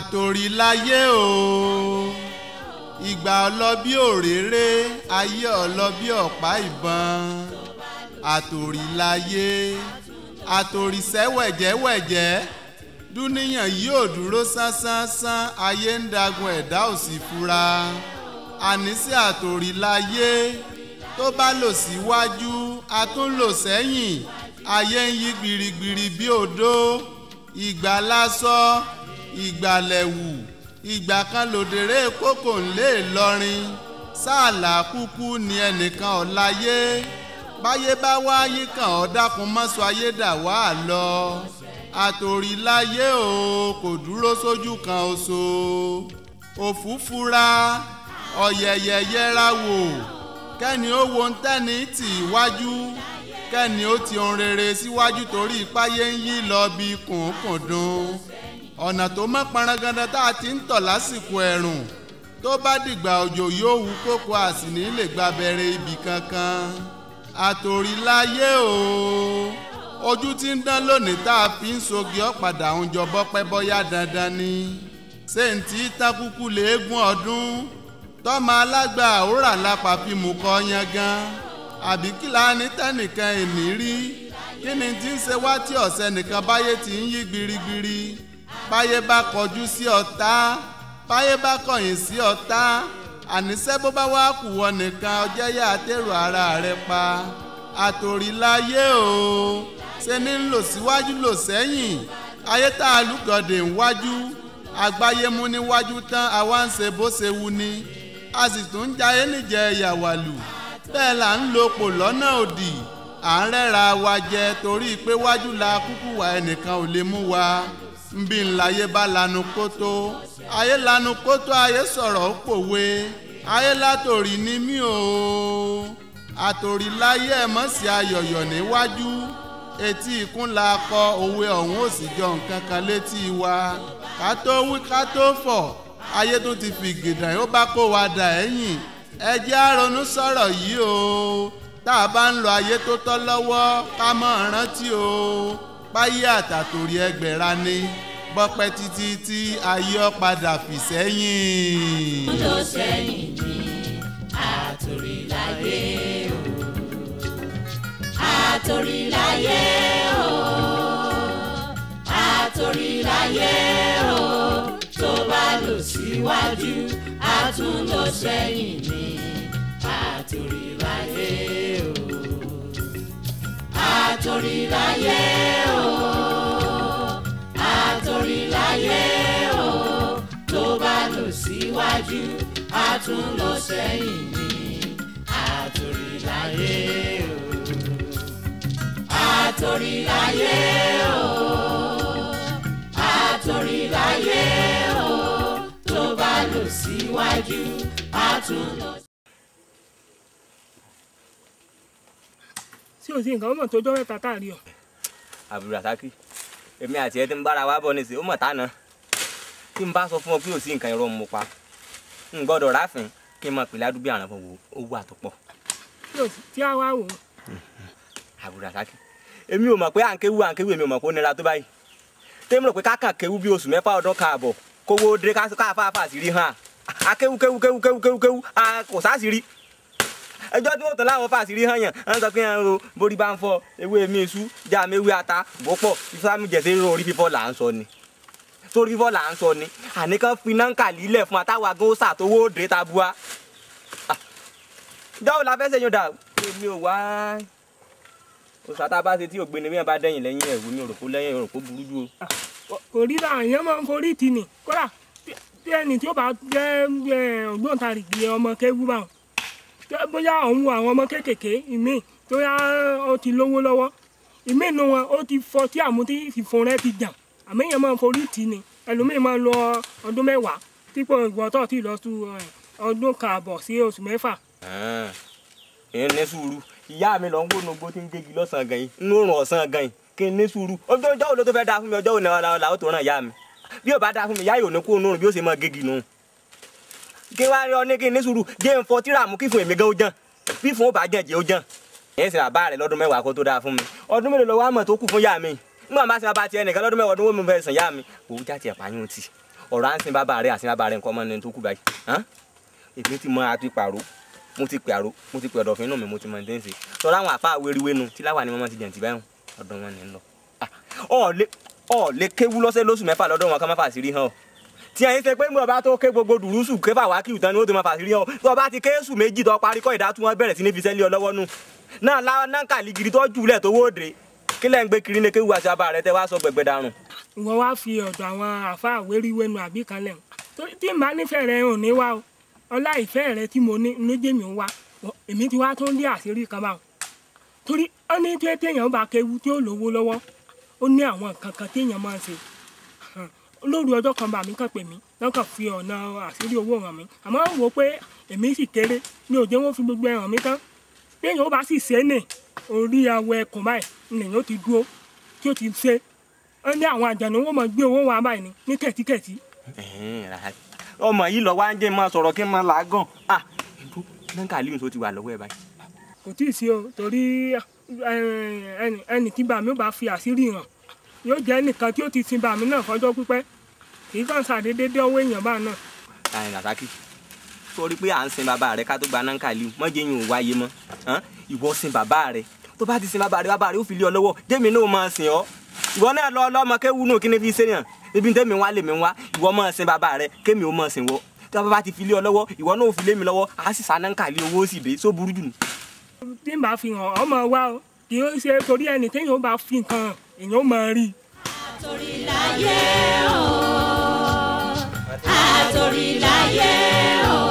àtòrí láyé o ìgbà ọlọ́bí òréré ayé ọlọ́bí ọ̀pá ìbọn àtòrí láyé àtòrí sẹ́ wẹ̀jẹ́wẹ̀jẹ́ dúníyàn yóò dúró sánsánsan ayé ń dagun ẹ̀dá òsì fura ànísí àtòrí láyé tó bá lọ síwájú a tún lọ sẹ́yìn ayé ń yí gbirigbiri bí odó ìgbà lásán ìgbàlẹ̀wù ìgbàkanlòdèrè kókò ńlé lọrin sáàlà kúkú ni ẹnìkan ọ̀láyé báyé bá wá yíkan ọ̀dàkùn mọ́sọ ayé dà wá lọ àtòríláyé o kò dúró sójú kan oṣù òfúfura ọ̀yẹ̀yẹ̀ yẹra kẹ́ni ó wo ń tẹ́ni tì wájú kẹ́ni ó ti ohun rere síwájú torí ipáyé ń yí lọ bí kùnkùn dùn ọ̀nà tó mọ́ panranganda tá a ti ń tọ̀ lásìkò ẹ̀rùn tó bá dìgbà òjò yóò wú kókó àsìní lè gbàbẹ̀rẹ̀ ibì kankan àtòríláyé o ojú tí ń dán lónìí tá a fi ń sogi ọ̀padà ń bọ́pẹ́ bọ́yá dandan ni ṣéǹtì tákúkú léegun ọdún tọ́mọ alágbà òwúrà lápá fi mú kọ́ yan gan àbí kí la ní tẹ́nìkan èní rí kí ni ti ń ṣe wá tí ọ̀sẹ̀ nìkan báyé ti ń yí gbirigbiri báyé bá kọjú sí ọ̀tá báyé bá kọ̀yìn sí ọ̀tá àníṣe bó bá wá kù wọ nìkan ọjọ́ yà á tèrò ara rẹ pa àtòríláyé o ṣe ní ń lò síwájú lò sẹ́yìn ayé tá a lùgọ̀dẹ̀ ń wájú àgbáyé mú níwájú tán àwa ń ṣe bó ṣe wu ni a sì tún ń jayé níjẹ́ ìyàwálù bẹ́ẹ̀ là ń lò pọ̀ lọ́nà òdì à ń rẹ́ra wa jẹ torí pé wájú la kúkú wa ẹnìkan ò lè mú wa nbí ńláyé bá lanu kótó ayé lanu kótó ayé sọ̀rọ̀ ó pòwe ayé látòrí ni mí o àtòrí láyé ẹ̀ mọ̀ sí ayọ̀yọ̀ níwájú etí ikún la kọ òwe ọ̀hún ò sì jọ nǹkan kan létí wa ká tó wí ká tó fọ̀ ayé tó ti fi gèdàn ó bá kó wa dà ẹ̀yìn ẹ jẹ́ sọ̀rọ̀ yìí o tá a bá ń lo ayé tó tọ́ lọ́wọ́ ká mọ̀ rántí o páyé àtàtòrí ẹgbẹ̀ra ni bọ́pẹ́ títí tí ayé ọ padà sẹ́yìn. lọ sẹ́yìn ní àtòrí o àtòrí láyé o àtòrí o tó bá lọ síwájú àtúndọ̀ sẹ́yìn ní àtòrí o àtòríláyé o àtòríláyé o tó bá lọ síwájú a tún lọ sẹ́yìn ni àtòríláyé o àtòríláyé o àtòríláyé o tó bá lọ síwájú a tún lọ. tí ò sí nǹkan ó mọ̀ tó jọ́ mẹ́ta tá a rí ọ. Abdulrasaki èmi àti ẹ ti ń bára wa bọ̀ ní sè ó mọ̀ tánà kí n bá sọ fún ọ pé ò sí nǹkan irọ́ mo pa n gbọ́dọ̀ ráfin kí n máa pè ládùúgbò àràn fún wo ó wà tó pọ̀. tí a wá wò ó. Abdulrasaki èmi ò mọ̀ pé à ń kéwu à ń kéwu èmi ò mọ̀ pé ó nira tó báyìí tèmi rò pé kákàn kéwu bí oṣù mẹ́fà ọdún káàbọ̀ kówó dé káfáfá sí rí hàn akéwu kéwu kéwu kéwu kéwu kéwu kò sá sí rí ẹjọ́ tí wọ́n tán láwọn fàṣírí hàn yàn wọ́n sọ pé hàn borí bá ń fọ ewé mi iṣu já mi ewé ata bọ́pọ̀ ìfúnmi jẹ̀sẹ̀ ro orí fífọ́ là ń sọ ni sórí fífọ́ là ń sọ ni àníkàn fi náǹkà lílẹ̀ fún atáwa gan ó ṣàtowó òde tabua. ìjọ́wò la fẹ́ sẹ́yìn èmi ò wá òṣà tá a bá ṣe tí ògbéni bí bá dẹ́yìn lẹ́yìn ẹ̀ wò mí lẹ́yìn òròkó burú jù o. kò rí ra àyàn máa ń forí tì ní kódà tí ẹni tí ó bá jẹ́ ògbóǹtarìgì ọmọ kéwú báwọn bóyá òun àwọn ọmọ kéékèèké ìmí tó yá ó ti lówó lọ́wọ́ ìmí inú wọn ó ti fọ tí àmútí ìfún rẹ ti dàn àmì yẹn máa forí tì ní ẹlòmíì máa lọ ọdún mẹ́wàá dípò ìgbọ́tọ̀ tí lọ tu ọdún kààbọ̀ sí oṣù mẹ́fà. ẹ ní sùúrù ìyá mi lọ ń wónú gbó tí ń gégi lọ́sàn-án gan yìí ń rún ọ̀sán gan yìí kí n ní sùúrù ọjọ́ òjò tó fẹ́ dáa fún mi ọjọ́ òní ọ̀la tó ràn ìyá mi bí ò bá dáa fún mi ìyá yìí ò ní kó nù bí ó ṣe máa gégi nù gé wá rí ọ ní kí n ní sùúrù gé n fọ tíra mú kí fún èmi gan ó jàn bí fún ó bá jàn jẹ́ ó jàn èyí sì bàbá rẹ lọ́dún mẹ́wàá kó tó dáa fún mi ọdún mélòó lọ́wọ́ àmọ̀ tó kù fún yá mi nígbà má sí bàbá tiẹ̀ nìkan lọ́dún mẹ́wàá ọdún wo mi fẹ́ sàn yá mi òun já tiẹ̀ pààyàn tì ọ̀rọ̀ à ń sin bàbá rẹ àti bàbá rẹ nǹkan ọmọ ní tó kù báyìí èmi ti mọ àti pàrọ̀ mo ti pàrọ̀ mo ti pẹ̀dọ̀ fínú mi mo ti mọ ní tẹ́ǹsì sọ láwọn àfa àweriwénu tí láwa ni wọ́n ti jẹ̀ǹtì báyìí ọdún wọn ni ń lọ ah, ọ̀ọ́lé kéwú lọ́sẹ̀ lóṣù mẹ́fà lọ́dún wọn ká má sí rí hàn ọ́ tí ẹ̀yin ṣe pé mo bá tó ké gbogbo dùrúsù ké fàwákì ìtàn ni ó ti máa fàṣírí ọ tó bá ti ké sùn méjì tó parí kọ́ ìdátú wọn bẹ̀rẹ̀ sí ní fisẹ́ lé ọ lọ́wọ́ nù náà láwọn náà kàlí gidi tó jùlẹ̀ tó wóde kí lẹ́ ń gbé kiri ní kéwu àti bàbá rẹ tẹ wá sọ gbẹgbẹ dànù. wọn wá fi ọ̀dọ̀ àwọn àfa àwéríwẹnu àbí kan lẹ tí màá nífẹ̀ẹ́ rẹ ò ní wá o ọlá ìfẹ́ rẹ tí mo ní lójé mi ń wá èmi ti wá tó ń lé àṣírí kan báwọn torí ó ní tí téèyàn bá kéwu tí ó lówó lọ́wọ́ ó ní àwọn nǹkan kan téèyàn máa ń ṣe lóru ọjọ́ kan bá mi kàn pè mí lọ́kàn fi ọ̀nà àṣírí owó ràn mí àmọ́ wò ó pé èmi sì kéré mi ò jẹ́ wọ́n fi gbogbo ẹ̀ràn mi tán bí èèyàn bá sì ṣe é nì orí awọ ẹkùn báyìí lèèyàn ó ti dúró tí ó ti ṣe ó ní àwọn àjànú wọn mọ gbé owó wọn báyìí ní kẹ̀tíkẹ̀tí. ọmọ yìí lọ wá ń jẹ́ máa sọ̀rọ̀ kí n máa làágàn ah ìbú náà tó ti wà lọ́wọ́ ẹ̀ báyìí. kò tí ì sí o torí ẹnì tí bàmí ò bá fi àṣírí hàn yóò jẹ́ nìkan tí ó ti sin bàmí náà fọjọ́ pípẹ́ kì í kàn ṣàdédé dé ọwọ́ èèyàn bá náà. àyìn làtàkì sórí pé à ń sin bàbá rẹ ká tó gba nankali mọ jẹ yín ò wáyé mọ ìwọ sin bàbá rẹ tó bá ti sin bàbá rẹ bàbá rẹ ó fi lé ọ lọ́wọ́ jẹmi náà máa sìn ọ ìwọ náà lọ ọlọmọ kéwu náà kí ni fi ṣe yàn ibi tẹ́mi wá lèmi wá ìwọ máa sin bàbá rẹ kémi ó máa sìn wọ tí wọn bá ti fi lé ọ lọ́wọ́ ìwọ náà ò fi lé mi lọ́wọ́ àá sì sáná ń kàlí owó sì dé só burú jù. tí n bá fi hàn ọmọ wa kì í ṣe torí ẹni téèyàn bá fi nǹkan èèyàn ó máa rí i. àtòrìláyé o àtòrìláyé o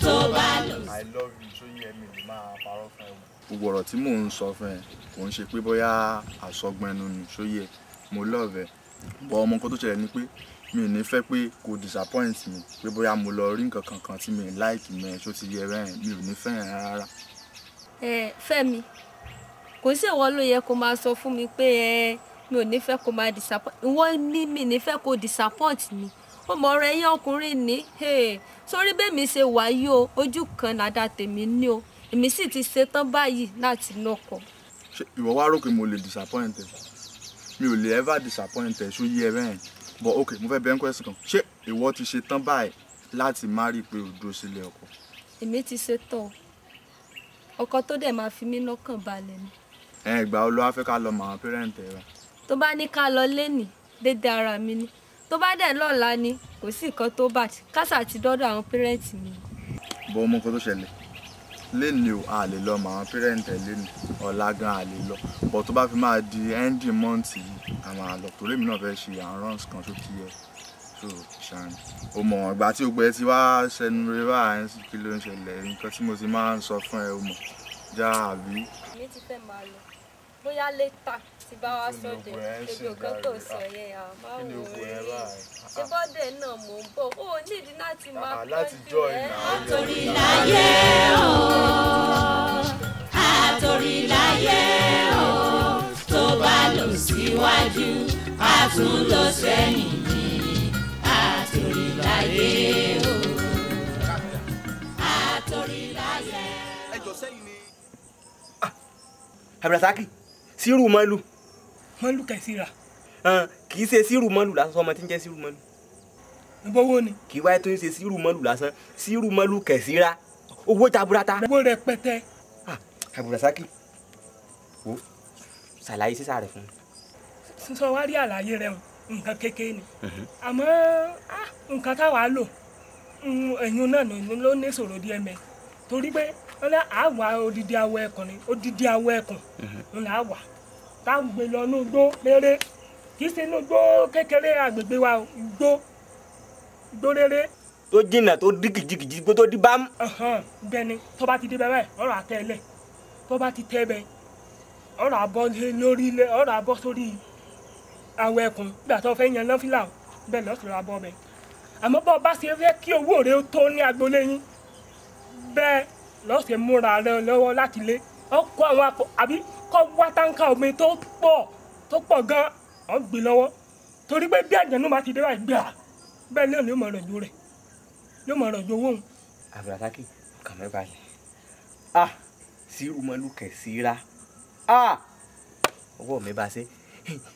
tó bá lò. I love you tó yẹ mi lè máa parọ́ fún ẹ. gbogbo ọ̀rọ̀ tí mò ń sọ fún ẹ kò ń ṣe pé bóyá àsọgbẹnu ni tó yẹ mo love ẹ bọ ọmọ nǹkan tó ṣẹlẹ̀ ni pé mi ní fẹ́ pé kò disappoint mi pé bóyá mo lọ rí nǹkan kankan tí mi láìkì mẹ́ tó ti yẹ rẹ́rìn mi ò ní fẹ́ràn rárá. ẹ Fẹ́mi kò sí ìwọ ló yẹ kó máa sọ fún mi pé ẹ mi ò nífẹ̀ẹ́ kó máa disappoint ìwọ ní mi nífẹ̀ẹ́ kó disappoint mi ó mọ ọ̀rọ̀ ẹ̀yin ọkùnrin ní sórí bẹ́ẹ̀mi ṣe wáyé o ojú kan nàdá tèmi ní o èmi sì ti ṣetán báyìí láti lọ́kọ. ṣé ìwọ wá rò pé mo lè disappoint ẹ mi ò lè ever disappoint ẹ ṣó yí ẹ but ok mo fẹ́ bẹ́ẹ̀ ń question kan ṣé ìwọ ti ṣetán báyìí láti má rí i pé o dúró sílé ọkọ. èmi ti ṣetán ọkọ tó dẹ̀ máa fi mí lọ́kàn balẹ̀ ni ẹ ìgbà wo ló wá fẹ́ ká lọ mọ àwọn parent ẹ wa. tó bá ní ká lọ lénìí dédé ara mi ni tó bá dẹ̀ lọ́la ni kò sí nǹkan tó bà tí kásà ti dọ́dọ̀ àwọn parent mi. bó mú kó tó ṣẹlẹ̀ lénìí o a lè lọ mọ àwọn parent ẹ lénìí ọ̀la gan a lè lọ bọ̀ tó bá fi máa di ending month yìí a máa torí mi náà fẹ́ ṣe àrùns kan tó kí ẹ o mọ ìgbà tí o gbẹ ti wá ṣẹnu rẹ báyìí kí ló ń ṣẹlẹ̀ nǹkan tí mo ti máa ń sọ fún ẹ o mọ já àbí. èmi ti fẹ́ máa lọ bóyá létà tí bá wá sọ́dẹ̀ ebi òkan kò sọ ah, yẹn à ah, má wò ó ṣé ah, bọ́dẹ̀ náà mò ń bọ̀ ó nídìí láti máa pọ́ńtì rẹ̀. àtòrí láyé o àtòrí láyé o tó bá lọ síwájú a tún lọ sẹ́yìn ní àtòrí láyé o àtòrí sírù mọ́lù. mọ́lù kẹsìrà. kì í ṣe sírù mọ́lù lásán sọmọ tí ń jẹ́ sírù mọ́lù. níbo wo ni. kì í wáyé tó ń ṣe sírù mọ́lù lásán sírù mọ́lù kẹsìrà owó taburata. owó rẹpẹtẹ. àbùrọ̀sákì ah, wo ṣàlàyé sísá rẹ fún mi. sísọ wá rí àlàyé rẹ nǹkan kékeré ni mhm. àmọ́ ah, nǹkan táwa lò mm, ẹ̀yìn náà ló ní sọ̀rọ̀ díẹ̀ mẹ́ torí pé ó ní àwa odidi awọ ẹkùn ni odidi awọ ẹkùn ń mhm. là wà tá à ń gbé lọ ní igbó rere kì í ṣe inú igbó kékeré àgbègbè wa igbó igbó rere. tó jìnnà tó dí kìjikìji igbó tó dí bámú. bẹ́ẹ̀ ni tó bá ti dé bẹ́ẹ̀ ọ̀rọ̀ àtẹ̀lẹ̀ tó bá ti tẹ́ bẹ́ẹ̀ ọ̀rọ̀ àbọ̀ lórí ilẹ̀ ọ̀rọ̀ àbọ̀ sórí awọ ẹkùn nígbà tó fẹ́ yan lọ́fílà bẹ́ẹ̀ lọ́sọ̀rọ̀ àbọ̀ bẹ́ẹ̀ àmọ́ bá ṣe fẹ́ kí owó rẹ tó ní agboolé bẹ́ẹ̀ lọ́sẹ̀ múra rẹ lọ́wọ́ láti lé ọkọ̀ àwọn apò àbí kọ́ wá táǹkà omi tó pọ̀ tó pọ̀ gan ọ̀ ń gbé lọ́wọ́ torí pé bí àjẹnú bá ti dé wá gbà bẹ́ẹ̀ náà ló mọ̀ ọ̀rọ̀ ju rẹ̀ ló mọ̀ ọ̀rọ̀ ju owó òun. àbùràtàkì kàn mí balẹ̀ a sí rumalukẹ̀ síra a ọwọ́ mi bá ṣe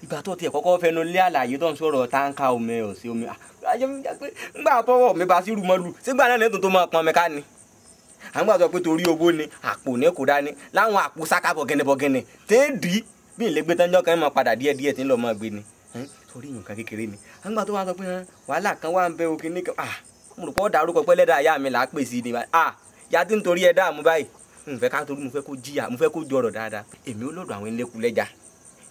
ìgbà tó tiẹ̀ kọ́kọ́ fẹnu lé àlàyé tó ń sọ̀rọ̀ táǹkà omi ọ̀sẹ̀ omi àjẹmí pé ńgbà tọwọ́ mi bá sí rumalu sígbà náà lẹ́tọ̀ọ́ tó máa pọn mi ká ni à ń gbà sọ pé torí owó ni àpò ní kò dání láwọn àpò sáká bọ̀gẹ̀nẹ̀bọ̀gẹ̀nẹ̀ téèdì bí ìlẹ́gbẹ́ tán jọ́kan máa padà díẹ̀ díẹ̀ tí ń lọ máa gbé ni hm, torí nǹkan kékeré ni à ń gbà tó wá sọ pé hm, wàhálà kan wà ń bẹ òkè ní kan mo rò pọ́ dàrú pẹ́ lẹ́dàá ìyá mi là á pè sí ni ìyá tí ń torí ẹ dáàmú báyìí mo fẹ́ ká torí mo fẹ́ kó jìyà mo fẹ́ kó jọrọ̀ dáadáa èmi ó lọ́dọ̀ àwọn ẹlẹ́kùn lẹ́jà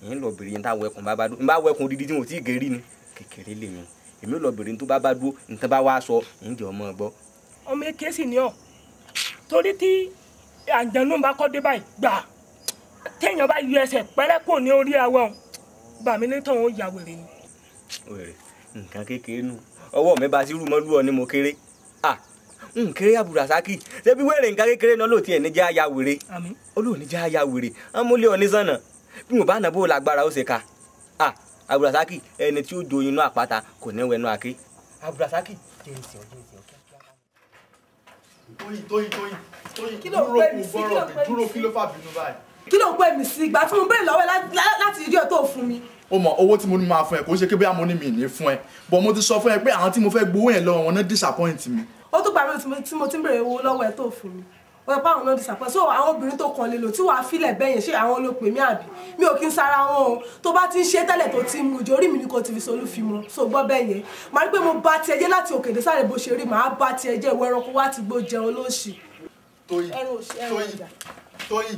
èyí ń lọ bèrè níta wẹkùn bá bá dúró níta wẹkùn dídí tí mo ti gèrí ni kékeré lèmi èmi ó lọ bèrè níta bá bá dúró níta bá wá sọ ǹjẹ́ ọmọ gbọ́. ọmọ èké sì ni ọ torí tí àjẹnú bá kọ́ dé báyìí gbà téèyàn bá yọ ẹsẹ̀ pẹ́rẹ́ kò ní orí awọ ọ̀hún bàmí létọ̀ òun yà wèrè ni. wèrè nǹkan kékeré nù ọwọ́ mi bá sí rúmọ́lú ọ ni mo kéré nkéré aburasaki ṣebí wèrè nǹkan kékeré náà lóòótì ẹ̀ níjẹ́ àyà wèrè olóò níjẹ́ àyà wèrè amúlé onísànà bí mo bá nà bó lágbára ó ṣe ka aburasaki ẹni tí ó do inú àpáta kò ní wẹnu àké aburasaki jẹ́ ìsìn ọdún tóyìn tóyìn tóyìn tóyìn dúró kò gbọ́rọ̀ mi dúró kí ló fà bínú báyìí. kí ló ń pè mí sí ìgbà tí mo béèrè lọ́wọ́ láti ìjọ tó fún mi. o mọ owó tí mo ní máa fún ẹ kò ṣe kébé àmọ́ ní mi ní fún ẹ bọ́ mo ti sọ fún ẹ pé àwọn tí mo fẹ́ gbowó yẹn lọ́wọ́ wọn náà disappoint mi. ó tún gbà tí mo ti ń béèrè owó lọ́wọ́ ẹ tó fún mi wọ́n pa àwọn náà disapẹ́ so àwọn obìnrin tó kàn lè lò tí wàá filẹ̀ bẹ́yẹn ṣé àwọn olópin mi àbí mi ò kí n sara wọn o tó bá ti ń ṣe tẹ́lẹ̀ tó ti mú ìjọ orí mi ni kò ti fi solú fi mọ́ so gbọ́ bẹ́yẹn màá rí pé mo bá tiẹ̀ jẹ́ láti òkèdè sáré bó ṣe rí màá bá tiẹ̀ jẹ́ ìwé ẹranko wá ti gbó jẹun lóṣì. Tóyìn Tóyìn Tóyìn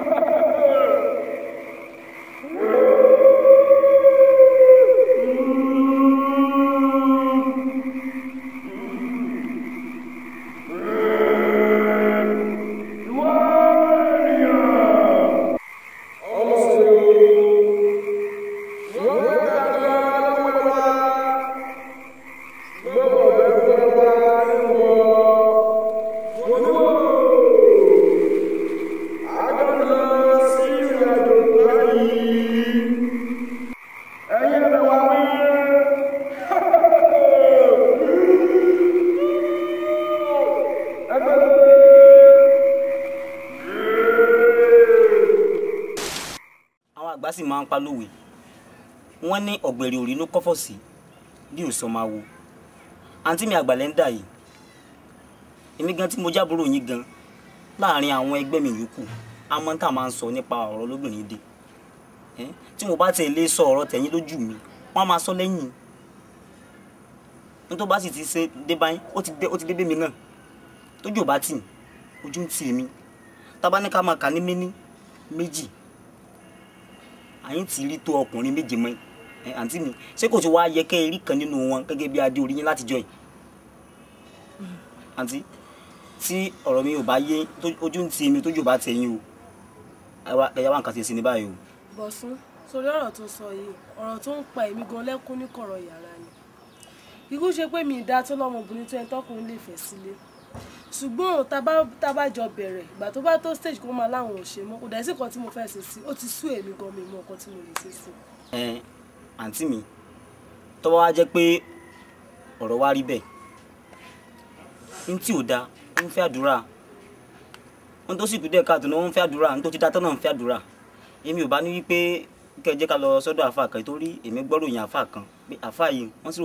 máa ń pa lówe wọ́n ní ọ̀gbẹ̀rẹ̀ òrí ló kọ́fọ̀ sí bí ò sọ máa wo àǹtí mi àgbàlẹ̀ ń dà yìí èmi gan tí mo jábúrò yín gan láàrin àwọn ẹgbẹ́ mi yòókù àmọ́ tá a máa ń sọ nípa ọ̀rọ̀ lóbìnrin dé tí mo bá tiẹ̀ lé sọ ọ̀rọ̀ tẹ̀yìn lójú mi wọ́n máa sọ lẹ́yìn ní tó bá sì ti ṣe dé báyìí ó ti dé bẹ́mi náà tójú ò bá tì ojú ń tì mí tá a bá ní ká ní méjì àyìn ti rí tó ọkùnrin méje mọ́ ẹ àǹtí mi ṣé kò ti wá yẹ kẹ́ ẹ rí kan nínú wọn gẹ́gẹ́ bí adé orí yín láti jọ yìí mm. àǹtí tí ọ̀rọ̀ mi ò bá yé ojú ń ti mi tójú ò bá tẹ̀yìn o ẹ̀yà wà nǹkan ti sin ní báyìí o. bọ̀sùn sórí ọ̀rọ̀ tó sọ yìí ọ̀rọ̀ tó ń pa èmi gan lẹ́kún ní kọ̀rọ̀ yàrá ni ikú ṣe pé mi ì tó lọ́mọbìnrin tó ẹ tọ́kùnrin lè fẹ́ sílé ṣùgbọ́n tá a bá jọ bẹ̀rẹ̀ ìgbà tó bá tó stage kó máa láwọn ò ṣe mọ́ kò dẹ̀ sí nǹkan tí mo fẹ́ ṣe sí ó ti sú èmi gan mi mọ nǹkan tí mo lè ṣe sí. ẹ àǹtí mi tọ́wọ́ á jẹ́ pé ọ̀rọ̀ wa rí bẹ́ẹ̀ n tí ò da ń fẹ́ àdúrà n tó sì kú díẹ̀ káàtó ni wọ́n ń fẹ́ àdúrà n tó ti da tán náà ń fẹ́ àdúrà èmi ò bá ní wípé kẹ́ ẹ jẹ́ ká lọ sọ́dọ̀ àfa kan torí èmi gbọ́ àfa kan pé àfa yìí wọ́n sì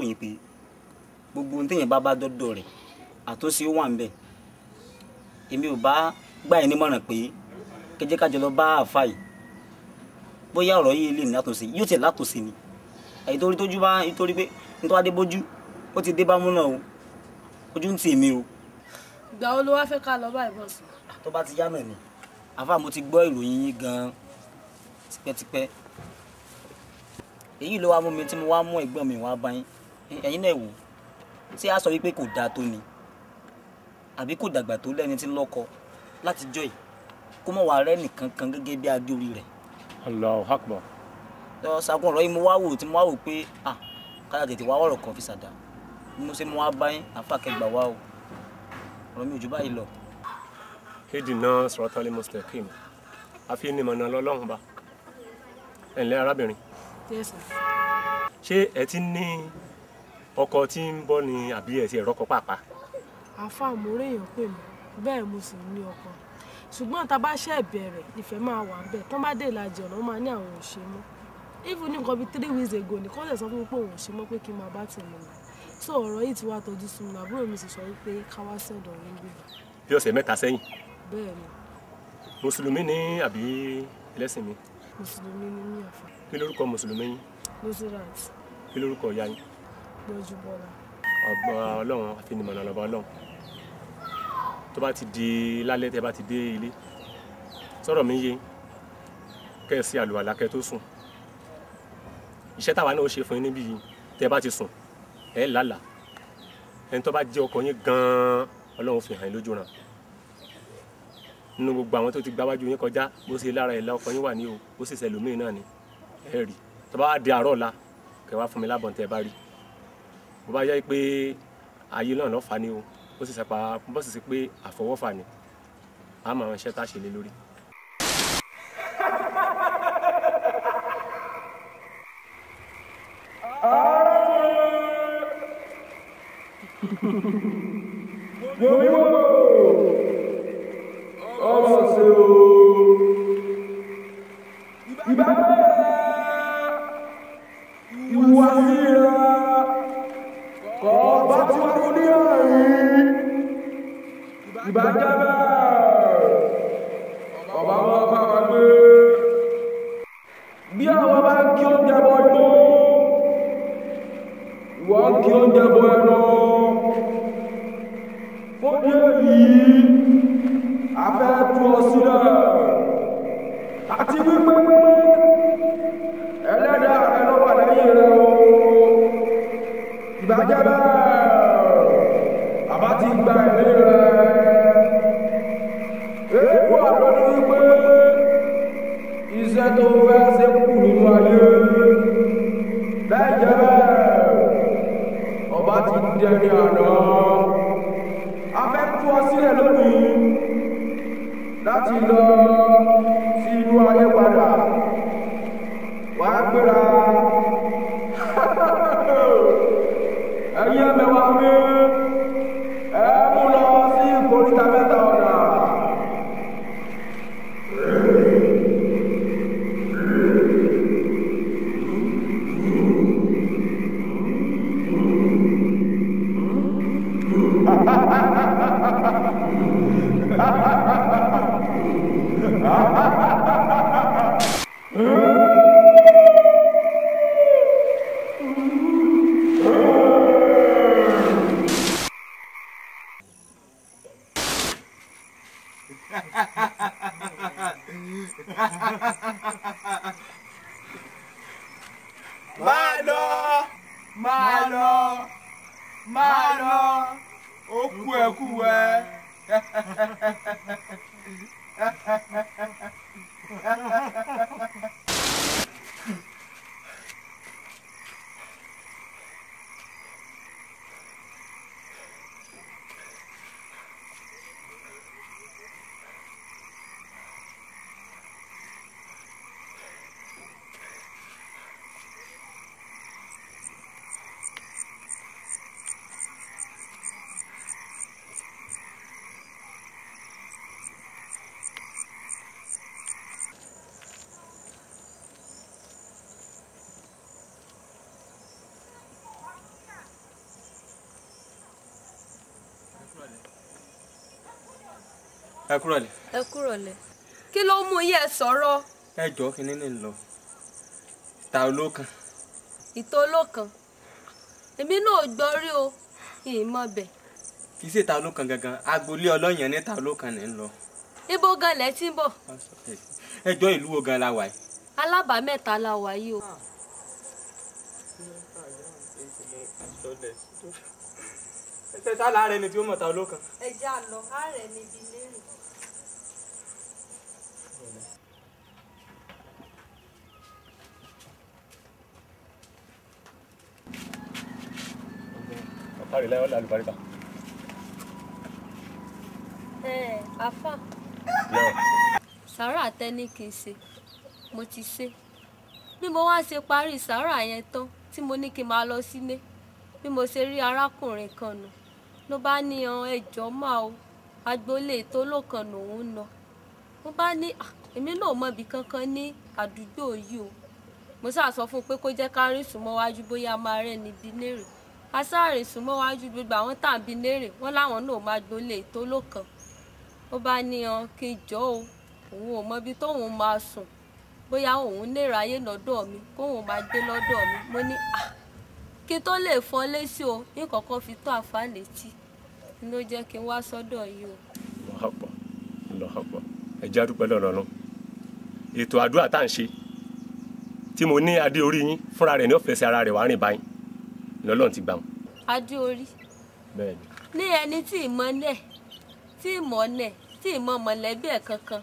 àtúnṣe ó wà ń bẹ̀ èmi ò bá gbà yín nímọ̀ràn pé kẹjẹ́ kájọ lọ bá àáfà yìí bóyá ọ̀rọ̀ yìí lè ní àtúnṣe yóò tẹ̀ látòsí ni èyí tó rí tójú bá nítorí pé nítorí adé bójú ó ti dé bá múnà o ojú ń tì mí o. ìgbà wo ló wá fẹ́ ká lọ báyìí bọ́ọ̀sì. tó bá ti yá náà ni àáfà mo ti gbọ́ ìròyìn yín gan-an tipẹ́tipẹ́ èyí ló wá mú mi tí mo wá mú ẹ̀gbọ́n mi wá bá yín ẹ̀yin náà wò tí a sọ wípé kò dáa tó ni àbí kò dàgbà tó lẹ́ni tí ń lọ́kọ láti jọ́ yìí kó mọ̀ wàá rẹ́ nìkan kan gẹ́gẹ́ bí adé rẹ̀. Allahu Akbar. lọ sakun ọ̀rọ̀ yìí mo wá wò tí mo wá wò pé ah káyà tètè wá ọ̀rọ̀ kan fi ṣàdá mo ṣe mo wá bá yín àfàkẹ́gbà wá o ọ̀rọ̀ mi ò jù báyìí lọ. kéde náà sọ̀rọ̀tàlẹ́ mustaqim àfi ẹni mọ̀nà lọ́lọ́run bá ẹ̀ǹlẹ́ arábìnrin. ṣé ẹ ti ní ọkọ tí ń bọ̀ ni àbí ẹ̀ ti ẹ̀rọ kọ pàápàá àáfàá mo réèyàn pè mí bẹ́ẹ̀ mo sì ní ọkọ ṣùgbọ́n tá a bá ṣe ìbẹ̀rẹ̀ ìfẹ́ máa wà ń bẹ̀ tó bá dé ìlàjì ọ̀nà máa ní àwọn òṣè mọ́ even ní nǹkan bíi three weeks ago nìkan ṣẹ̀ sọ fún mi pé òun òṣè mọ́ pé kí n máa bá tèmi lọ so ọ̀rọ̀ yìí ti wá tọ́jú sùn mi àbúrò mi sì sọ wípé ká wá sọ̀dọ̀ mi gbé. bí ọ̀sẹ̀ mẹ́ta sẹ́yìn. bẹ́ẹ̀ ni. mùsùlùmí ni àbí ẹlẹ́sìn mi. mùsùlùmí ni mí àfa. kí lorúkọ mùsùlùmí yín. lọ́sírààtì. kí lorúkọ ìyá yín. gbọ́jú bọ́lá. ọgbọ́n ọlọ́run àfinimọ̀nà ọlọ́ba ọlọ́run tó bá ti di lálẹ́ tẹ́ bá ti dé ilé sọ̀rọ̀ mi yé kẹ́ ẹ sí àlùwàlá kẹ́ tó sùn iṣẹ́ táwa náà ṣe fún yín níbí yìí tẹ́ bá ti sùn ẹ lálàá ẹni tó bá jẹ́ ọkọ yín gan-an ọlọ́run fi hàn yín lójú ràn nínú gbogbo àwọn tó ti gbáwájú yín kọjá bó ṣe lára ìlà ọkọ yín wà ní o bó sì ṣe lòmíì náà ni ẹ rí tó bá wá di àárọ̀ ọ̀la kẹ́ wá fún mi lábọ̀n tẹ́ bá rí bó bá yẹ pé ayé náà lọ́ọ́ fà ni o bó sì ṣe pé àfọwọ́fà ni àmọ́ àwọn iṣẹ́ tá a ṣe lé lórí. ẹ kúrọ̀lẹ́. ẹ kúrọ̀lẹ́ kí ló mú yẹ sọ̀rọ̀. ẹ jọ kí nínú lọ ta olókan. ìta olókan èmi náà gbọ́ rí o ìmọ̀ bẹ̀. kì í ṣe ta olókan gangan agboolé ọlọ́yàn ní ta olókan ní lọ. ibo gan lẹ ti ń bọ̀. ẹ jọ ìlú wo gan la wà yìí. alábàámẹ́ta la wà yìí o. ẹ tẹ tá lára ẹni tí ó mọ̀ ta olókan. ẹ já lọ á rẹ̀ níbi lérè. rẹ̀ láyọ̀ lálùbáríkà. ẹ afa sàárà tẹ ní kí n ṣe mo ti ṣe bí mo wá ṣe parí sàárà yẹn tán tí mo ní kí n máa lọ sílé bí mo ṣe rí arákùnrin kan nù ló bá ní han ẹjọ́ máa o agboolé tó lókan lòún nà mo bá ní èmi náà mọ ibì kankan ní àdúgbò yìí o mo ṣáà sọ fún un pé kó jẹ́ ká rìn sùn mọ́ wájú bóyá máa rẹ́ asáré súnmọ́ wájú gbogbo àwọn tàbí léèrè wọ́n láwọn náà máa gbolé tó lókan ó bá ní han kí n jọ o òun ò mọbi tóun máa sùn bóyá òun lè ráyè lọ́dọ̀ mi kóun máa gbé lọ́dọ̀ mi mo ní à kí tó lè fọn lésì o nǹkankan fi tó àfa létí ló jẹ́ kí n wá sọ́dọ̀ yìí o. lọ́hàpọ̀ lọ́hàpọ̀ ẹ jẹ́ àdúpẹ́ lọ́rọ̀ náà ètò àdúrà tá à ń ṣe tí mo ní adé orí yín fúnra rẹ̀ ní ọ̀fẹ́ sí ara rẹ̀ wàá rìn báyìí lọ́lọ́run ti gbà wọn. adé orí ní ẹni tí ì mọ́lẹ̀ tí ì mọ́lẹ̀ tí ì mọ́ mọ̀lẹ́bí ẹ̀ kankan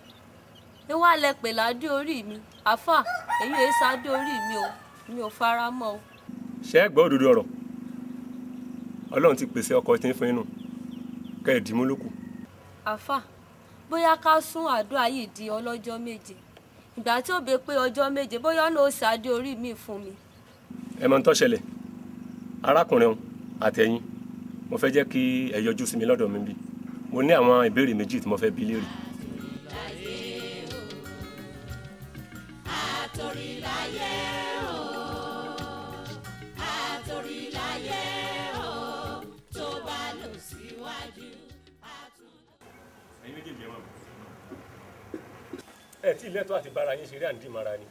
ni wàá lẹ pè ládé orí mi àáfà èyí ò sáadé orí mi o mi ò fara mọ́ o. ṣé ẹ gbọ́ òdodo ọ̀rọ̀ ọlọ́run ti pèsè ọkọ tí ń fún inú kẹ́ ẹ̀ dì mú lókù. àáfà bóyá ká sún àdúrà yìí di ọlọ́jọ́ méje ìgbà tí ó bẹ pé ọjọ́ méje bóyá ọ̀nà ó ṣáájú orí mi fún mi. ẹ mọ̀ ń tó ṣẹlẹ̀ arákùnrin ọ̀hún àtẹ̀yìn mo fẹ́ jẹ́ kí ẹ yọjú sí mi lọ́dọ̀ mi bí mo ní àwọn ìbéèrè méjì tí mo fẹ́ bi léèrè. ẹ tí ilé tó àti bára yín ṣeré à ń dì mara ni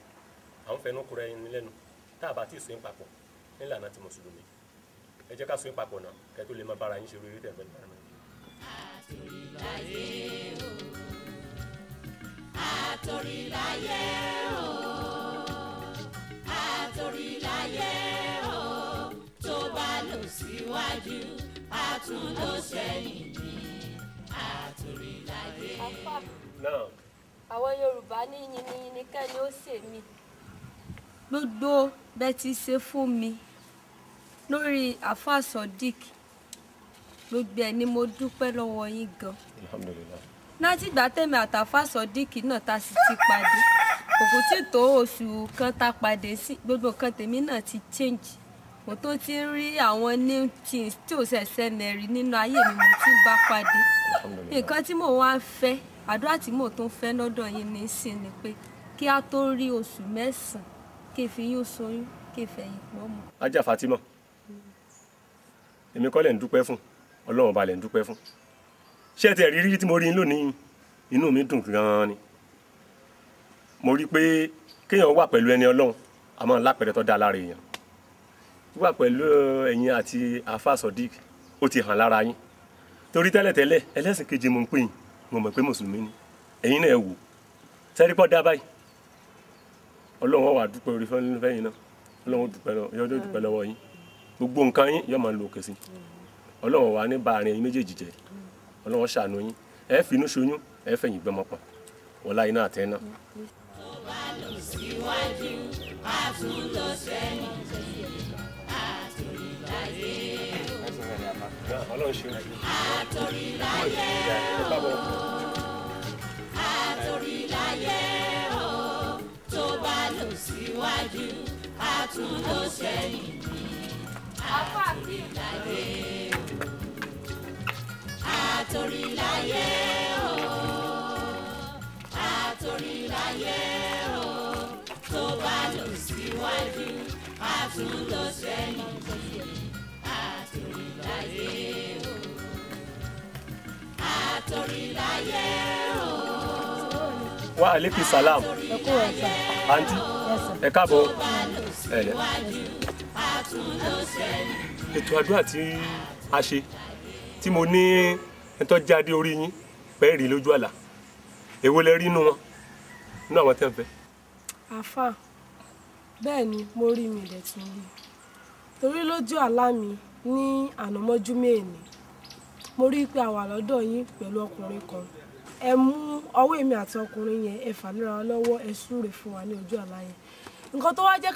à ń fẹnu kura ẹni lẹ́nu tá a bá ti sìn papọ̀ nílànà ti mùsùlùmí ẹ jẹ́ ká so papọ̀ náà kẹ́ tó lè máa bára yín ṣe oríire tẹ̀fẹ́ nípa náà. àtòríláyé o àtòríláyé o àtòríláyé o tó bá lọ síwájú àtúndò sẹ́yìn ni àtòríláyé o. àwọn Yorùbá ní yìnyín yìnyín kẹ́ni ó ṣèmí. gbogbo bẹ́ẹ̀ ti ṣe fún mi lórí àfa sodiq gbogbo ẹ e ni mo dúpẹ́ lọ́wọ́ yín gan. alhamdulilayi. látìgbà tẹ̀mí àtàfà sodiq náà ta sì ti pàdé kòkó tí tó oṣù kan ta pàdé sí gbogbo nǹkan tèmi náà ti change mo tó ti ń rí àwọn new things tí ò ṣẹ̀ṣẹ̀ mẹ́rin nínú ayé mi mo ti bá pàdé nǹkan tí mò ń wá fẹ́ àdúrà tí mò tó ń fẹ́ lọ́dọ̀ yín ní sí ni pé kí a tó rí oṣù mẹ́sàn-án kí n fi yín sóyún kí n fẹ̀yìn pọ̀ mọ́. ajá Fatima èmi kọ́ lẹ̀ ń dúpẹ́ fún ọlọ́run balẹ̀ ń dúpẹ́ fún ṣé ẹ tẹ̀ rí rí tí mo rí in lónìí inú mi dùn gan-an ni mo rí i pé kéèyàn wà pẹ̀lú ẹni ọlọ́run àmọ́ lápẹ̀rẹ̀ tó dáa lára èèyàn wà pẹ̀lú eh, ẹ̀yin àti àáfàá Sodiq ó ti hàn lára yín torí tẹ́lẹ̀tẹ́lẹ̀ ẹlẹ́sìn kejì mo ń pè yín mo mọ̀ pé mùsùlùmí ni ẹ̀yin náà ẹ wò sẹ́rí pọ́ dá báyìí ọlọ́run wà dúpẹ́ orí fẹ́yìn náà ọlọ́run dúpẹ́ lọ́wọ́ yín gbogbo nǹkan yín yóò máa lo òkè sí ọlọ́run wà ní bá ẹyin méjèèjì jẹ ọlọ́run ṣàánú yín ẹ finú ṣoyún ẹ fẹ̀yìn gbẹmọ pọ̀ wọlá iná àtẹ náà. tó bá lọ síwájú a tún lọ sẹ́yìn àtòríláyé àtòríláyé àtòríláyé tó bá lọ síwájú a tún lọ sẹ́yìn àfà tí ò láyé àtòrí láyé wa aleykum salaam àǹtí ẹ káàbọ̀ ètò àdúrà tí a ṣe tí mo ní ẹtọ́ jáde orí yín pẹ́ẹ́ rí lójú àlá èwo lẹ rí inú wọn inú àwọn tẹ́ ń fẹ́. àáfà bẹ́ẹ̀ ni mo rí mi ilẹ̀ tún rí torí lójú àlá mi ní ànámọ́jú mẹ́ẹ̀ni mo rí i pé a wà lọ́dọ̀ yín pẹ̀lú ọkùnrin kan ẹ mú ọwọ́ èmi àti ọkùnrin yẹn ẹ fà léra lọ́wọ́ ẹ súre fún wa ní ojú àlá yẹn nǹkan tó wá jẹ́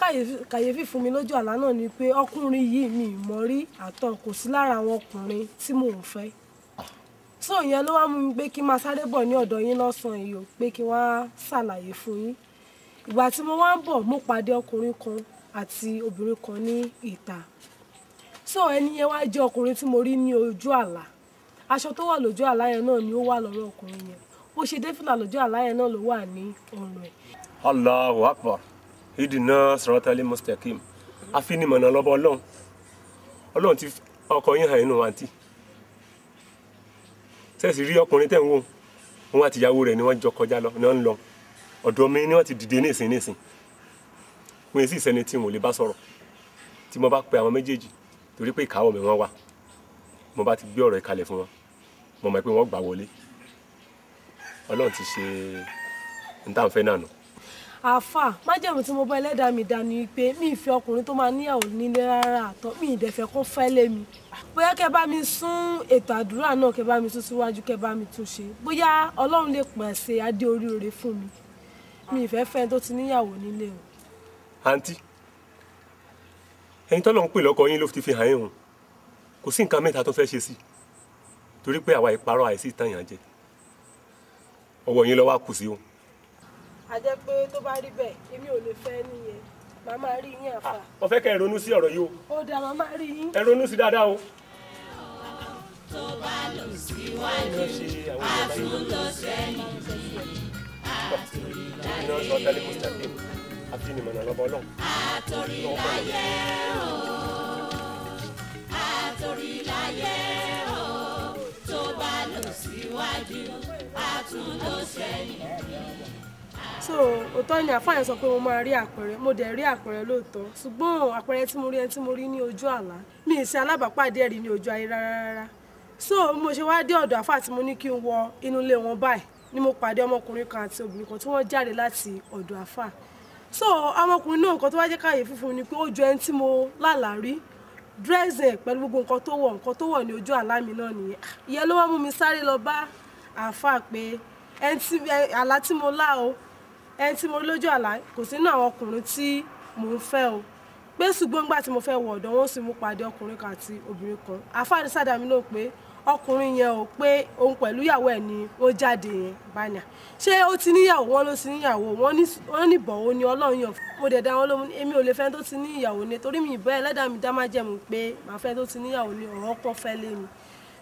kàyéfì fún mi lójú àlá náà ni pé ọkùnrin yìí mi mọ̀ rí àtọ̀ kò sí lára àwọn ọkùnrin tí mò ń fẹ́ so ìyẹn ló wá mú mi pé kí n máa sáré bọ̀ ní ọ̀dọ̀ yín lọ́sàn-án yìí o pé kí n wá ṣàlàyé fún yín ìgbà tí mo wá ń bọ̀ mo pàdé ọkùnrin kan àti obìnrin kan ní ìta so ẹni yẹn wá jẹ́ ọkùnrin tí mo rí ní ojú àlá aṣọ tó wà lójú àlá yẹn náà ni ó wà lọ́rọ̀ ọkùnrin yẹn bó ṣe dé fìlà lójú àlá yẹn náà ló wà ní ọrùn ẹ̀. Allahu Akbar ìdìnnà sọ̀rọ̀tàlẹ́ mọ́sítẹ́kìm afinimọ̀nà lọ́bọ̀ ọlọ́run ọlọ́run ti ọkọ yín hàn inú àǹtí sẹ́ẹ̀sì rí ọkùnrin tẹ̀ ń wò wọn àti ìyàwó rẹ̀ ni wọ́n jọ kọjá lọ ni wọ́n ń lọ ọ̀dọ̀ mi ni wọ́n ti dìde ní ìsìn ní ìsìn wọn èsì ìsẹ́ni tí wọn ò lè bá sọ̀rọ̀ tí mo bá pe àwọn méjèèjì torí pé ìkáwọ́ mi wọ́n wà mo bá ti gbé ọ̀rọ̀ ìkalẹ̀ fún wọn mo mọ̀ pé wọ́n gbà wọlé ọlọ́run ti ṣe ntàǹfẹ́ náà nù Afa, májèmú tí mo bá ẹlẹ́dàá mi dá ni pé mi ìfẹ́ ọkùnrin tó máa níyàwó nílé rárá àtọ́ mi ìdẹ̀fẹ́ kó fẹ́lẹ́ mi. bóyá kẹ bá mi sún ètò àdúrà náà kẹ bá mi tún síwájú kẹ bá mi tún ṣe bóyá ọlọ́run lè pèsè adé oríire fún mi mi ìfẹ́ fẹ́ tó ti níyàwó nílé o. àǹtí ẹni tọ́lọ́ ń pè lọ́kọ yín ló ti fi hàn yín o kò sí nǹkan mẹ́ta tó fẹ́ ṣe sí torí pé àwa ìparọ́ àìsí ìtàn a jẹ́ pé tó bá rí bẹ́ẹ̀ èmi ò lè fẹ́ nìyẹn màmá rí yín àfà. Ah, mo fẹ́ kẹ́ ẹ ronú sí ọ̀rọ̀ yìí o. ó dà màmá rí yín. ẹ ronú sí dáadáa o. tó bá lọ síwájú àtúntò sẹ́yìn àtòrí o àfinimọ̀nà lọ́bọ̀ lọ. o àtòrí o tó bá lọ síwájú àtúntò sẹ́yìn so òótọ́ ni àfáàyàn sọ pé mo máa rí àpẹẹrẹ mo dẹ̀ rí àpẹẹrẹ lóòótọ́ ṣùgbọ́n àpẹẹrẹ tí mo rí ẹni tí mo rí ní ojú àlá mi ì ṣe alábàápàdé ẹ̀rí ní ojú ayé rárá rárá so mo ṣe wá dé ọ̀dọ̀ àfáà tí mo ní kí n wọ inú ilé wọn báyìí ni mo pàdé ọmọkùnrin kan àti obìnrin kan tí wọ́n jáde láti ọ̀dọ̀ àfáà so ọmọkùnrin náà nǹkan tó wá jẹ́ káyè fífún ni pé ó ju ẹni tí mo lálàá rí dírẹ́sìn pẹ̀lú gbogbo nǹkan tó wọ̀ nǹkan tó wọ̀ ní ojú àlá mi náà nìyẹn ìyẹn ló wá mú mi sáré lọ bá àfáà pé ẹni tí àlá tí mo lá o ẹni tí mo rí lójú àlá kò sí nínú àwọn ọkùnrin tí mò ń fẹ́ o pé ṣùgbọ́n nígbà tí mo fẹ́ wọ ọ̀dọ̀ wọn sì mú padì ọkùnrin kan àti obìnrin kan àfáàrí sádàmì náà pé ọkùnrin yẹn o pé òun pẹ̀lú ìyàwó ẹ̀ ni ó jáde yẹn báyà ṣé ó ti níyàwó wọn ló ti níyàwó wọn ní bọ̀wọ́ ni ọlọ́run yàn mo dẹ̀ dá wọn lóhùn èmi ò lè fẹ́ tó ti ní ìyàwó ni torí mi ìbẹ́ ẹlẹ́dàá mi dá má jẹ̀mú pé màá fẹ́ tó ti níyàwó ni ọ̀rọ̀ kan fẹ́ lé mi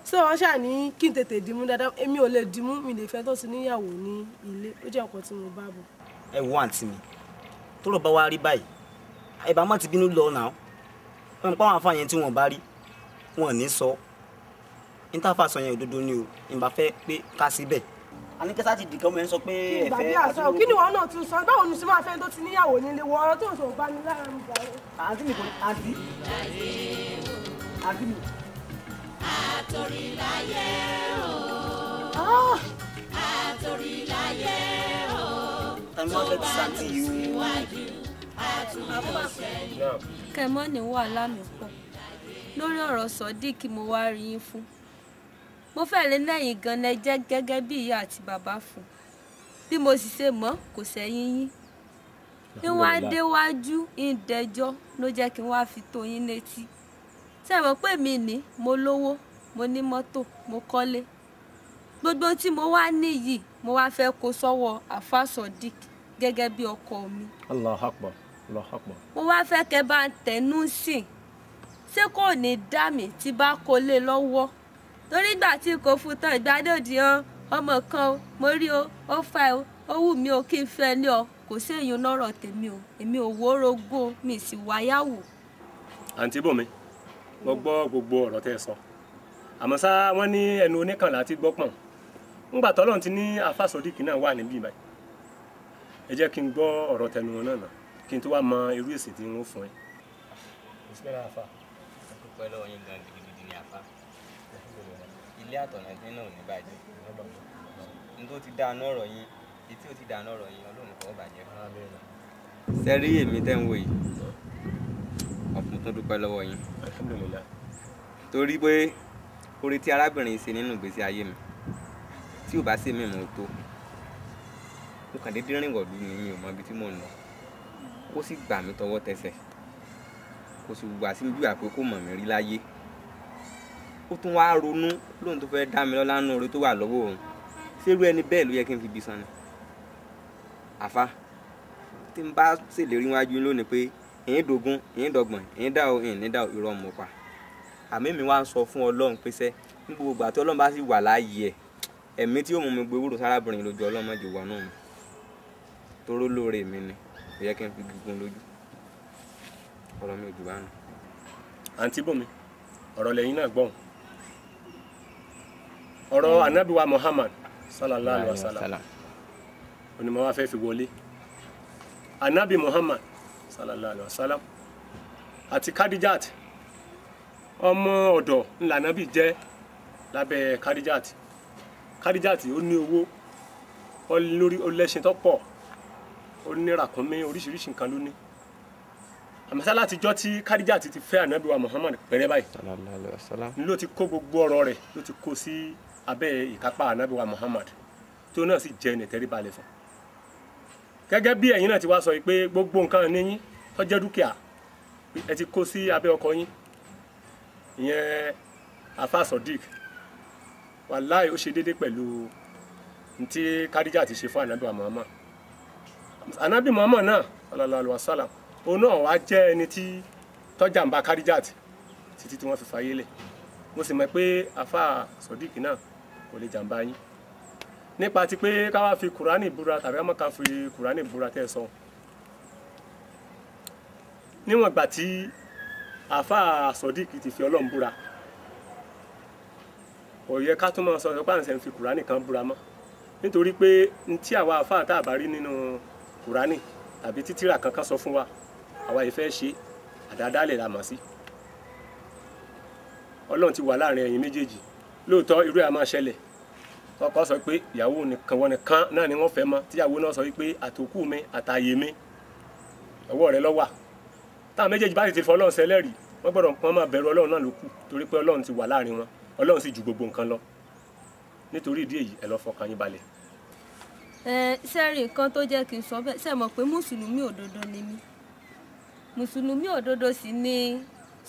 so wọn ṣáà ní kí n tètè dìmú dáadáa èmi ò lè dìmú mi lè fẹ́ tó ti níyàwó ní ilé ó jẹ́ ọkọ̀ tí mo bá bọ̀ ẹ wo àǹtí mi tọ́rọ̀ bá wá rí báyìí ẹ bá má ti bínú lọ náà wọn mọ páwọn afáàyàn tí wọn bá rí wọn ní sọ nítaàfà sọ yẹn òdodo ni o ìbá fẹ́ pé ká síbẹ̀ àníkẹ́ sáti dìkan mọ́ ẹ ń sọ pé ẹ fẹ́ àdúgbò. ìgbà kí ni wọn náà tún sọ báwo ni sọ́mọ́ afẹ́ni tó ti níyàwó nílé wọ ọ̀rọ̀ tó sọ bá ní lára mi gbà yẹn. àǹtí mi kò àǹtí àǹtí mi. Ah! àtòrìláyé o àtòrìláyé o. Kẹ̀mọ́ ti Kẹ̀mọ́ ní wàhálà mi pọ̀ lórí ọ̀rọ̀ Sodiq mo wá rí yín fún mo fẹ́ lé lẹ́yìn gan-an ẹ jẹ́ gẹ́gẹ́ bí ìyá àti bàbá fún bí mo sì ṣe mọ̀ kò sẹ́yìn yín ní wá déwájú ló jẹ́ kí n wá fi tó yín létí ṣé mọ̀ pé mi ní mo lówó mo ní mọ́tò mo kọ́lé gbogbo tí mo wá ní yìí mo wá fẹ́ kó sọ́wọ́ àfa Sodiq gẹ́gẹ́ bí ọkọ mi. Allahu Akbar Allahu Akbar. mo wá fẹ́ kẹ́ bá ń tẹnu sí ṣé kò ní dá mi tí bá kó lé lọ́wọ́ torí ìgbà tí kò fún tán ìgbàdòdì hàn ọmọ kan mo rí o ó fà o ó wù mí o kí n fẹ́ lé ọ kò sí èyí lọ́rọ̀ tèmi o èmi ò wó rogbo mi sì wáyàwó. àǹtí bòmí mo gbọ́ gbogbo ọ̀rọ̀ tẹ́ ẹ sọ àmọ́ ṣá wọ́n ní ẹnu oníkànlá ti gbọ́ pọ̀n ńgbà tọ́lọ́run ti ní àfà Sodiq náà wà níbí báyìí ẹ jẹ́ kí n gbọ́ ọ̀rọ̀ tẹnu wọn náà kí n tó wá mọ irú èsì tí n ó fún ẹ. bismillah àfà. ọkọ̀ lọ́wọ́ yín gan gidigidi ni àfà ilé àtọ̀nà ẹgbẹ́ náà ò ní bàjẹ́ n tó ti dáná ọ̀rọ̀ yín etí ò ti dáná ọ̀rọ̀ yín ọlọ́run kọ́ bàjẹ́. sẹ́rí èmi tẹ́ ń wò yìí ọ̀pọ̀ tó dúpẹ́ lọ́wọ́ yín torí pé oore tí arábìnrin ṣe nínú ìgbésí ayé mi tí ò bá sí mi mò ń tó mo kàn déédéé rìn wọ̀lú ni mi ò mọ ibi tí mò ń lọ ó sì gbà mí tọwọ́ tẹsẹ̀ kò sì wà sí ojú àpé kò mọ̀ mí rí láyé ó tún wáá ronú lóun tó fẹ́ẹ́ dá mi lọ́lá nù orí tó wà lọ́wọ́ òun ṣérú ẹni bẹ́ẹ̀ ló yẹ kí n fi bí san ni àfa tí n bá ṣèlérí wájú lónìí pé ẹ̀yin dogun ẹ̀yin dọ́gbọ̀n ẹ̀yin dá o ẹ̀yin nídà o irọ́ mọ̀ pa àmì mi wá ń sọ fún ọlọ́run pé sẹ́ gbogbo ìgbà ọlọ́run bá sì wà láàyè ẹ̀ ẹ̀mí tí yóò mú mi gbé wúrò sárábìnrin lójú ọlọ́mọdé wà náà mi toró lóore mi ni kò yẹ kí n fi gígùn lójú ọ̀rọ̀ mi ò jù bá nù. àǹtí bòmí ọ̀rọ̀ lẹ́yìn náà gbọ́n ọ̀rọ̀ anábìwá hmm. Muhammad sallallahu alayhi wa sallam onímọ̀ wa fẹ́ fi wọlé anábì Muhammad sallallahu alayhi wa sallam àti Khadijat ọmọ ọ̀dọ̀ ńlá anábì jẹ́ lábẹ́ Khadijat. Kádíjàtì ó ní owó ó lórí ó lẹ́ṣin tó pọ̀ ó ní ràkúnmí oríṣiríṣi nǹkan ló ní àmọ́sá látijọ́ tí Kádíjàtì ti fẹ́ ànábì wa Muhammad pẹ̀rẹ́ báyìí ló ti kó gbogbo ọ̀rọ̀ rẹ̀ ló ti kó sí abẹ́ ìkápá ànábì Muhammad tó náà sì jẹ́ ẹni tẹ́rí balẹ̀ fún gẹ́gẹ́ bí ẹ̀yin náà ti wá sọ pé gbogbo nǹkan níyín tó jẹ́ dúkìá ẹ ti kó sí abẹ́ ọkọ yín ìyẹn afa sodiq wàláì ó ṣe déédé pẹ̀lú ntí kádíjà ti ṣe fún anabi muhammad anabi muhammad náà alalàlú wasalam òun náà wàá jẹ́ ẹni tí tọ́jàmbá kádíjà títí tí wọ́n mo sì mọ̀ pé afa sodiq náà kò lè jàmbá yín nípa ti pé ká wá fi kùránì búra tàbí ká fi kùránì búra tẹ́ ẹ sọ afa sodiq ti fi ọlọ́run ó yẹ ká tún máa sọ pé àǹsẹ̀ ń fi kùránì kan búra mọ́ nítorí pé n tí àwa àfáà tá a bá rí nínú kùránì tàbí títírà kankan sọ fún wa àwa ìfẹ́ ṣe àdádálẹ̀ la mọ̀ sí ọlọ́run ti wà láàrin ẹ̀yin méjèèjì lóòótọ́ irú ẹ̀ máa ṣẹlẹ̀ ọkọ sọ pé ìyàwó nìkan wọn nìkan náà ni wọ́n fẹ́ mọ tíyàwó náà sọ wípé àtòkù mi àtàyè mi ọwọ́ rẹ ló wà táwọn méjèèjì bá ti ti fọ ọlọ́run ṣẹlẹ́rìí wọ́n gbọ́dọ̀ pọ́n máa bẹ̀rù ọlọ́run náà ló kù torí pé ọlọ́run ti wà láàrin wọn ọlọ́run sì ju gbogbo nǹkan lọ nítorí ìdí èyí ẹ lọ fọkàn yín balẹ̀. ẹ sẹ́rí nǹkan tó jẹ́ kí n sọ bẹ́ẹ̀ ṣe mọ̀ pé mùsùlùmí òdodo ni mí mùsùlùmí òdodo sì ni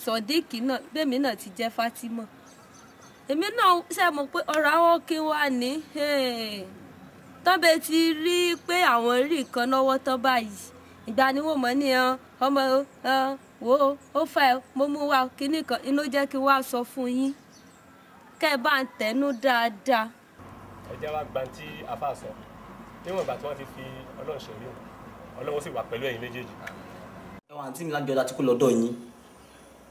sọ̀díkì náà bẹ́ẹ̀mí náà ti jẹ́ Fátímà èmi náà ṣe mọ̀ pé ọ̀rọ̀ àwọn kí wà ní tọ́bẹ̀ ti rí pé àwọn rí nǹkan lọ́wọ́ tán báyìí ìgbà ni wọ́n mọ̀ ní ọmọ wo ó fà mo mú wa kíní kan inú jẹ́ kí wàá sọ fún yín kẹ́ ẹ bá ń tẹnu dáadáa. ẹ jẹ́ wá gba tí afa sọ níwọ̀n ìgbà tí wọ́n ti fi ọlọ́run ṣèlú ọlọ́run sì wà pẹ̀lú ẹ̀yin méjèèjì. ẹwọn àǹtí mi lájọ láti kó lọ́dọ̀ yín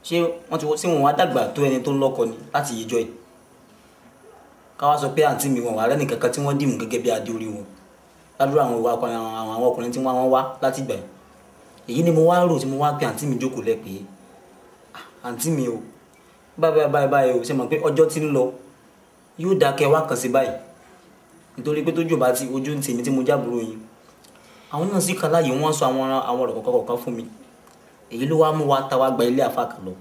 ṣé wọ́n ti ṣé wọn wá dàgbà tó ẹni tó ń lọ́kọ ni láti yíjọ yìí káwá sọ pé àǹtí mi wọn wà rẹ́ nìkankan tí wọ́n dì mú gẹ́gẹ́ bí adé orí wọn ládùúrà àwọn ìwà ọkùnrin àwọn àwọn ọkùnrin tí wọ́n wá láti gbà yìí èyí ni mo wá rò tí mo wá pe àǹtí mi jókòó lẹ́ pé ah, àǹtí mi o báyìí báyìí báyìí o ṣe mọ̀ pé ọjọ́ ti ń lọ yóò dákẹ́ wá kàn sí báyìí nítorí pé tójú bá ti ojú ń tèmi tí mo jábúrò yìí àwọn náà sì kan láàyè wọ́n sọ àwọn àwọn ọ̀rọ̀ kọ̀ọ̀kan kọ̀ọ̀kan fún mi èyí ló wá mú wa ta wá gba ilé àfa kan lọ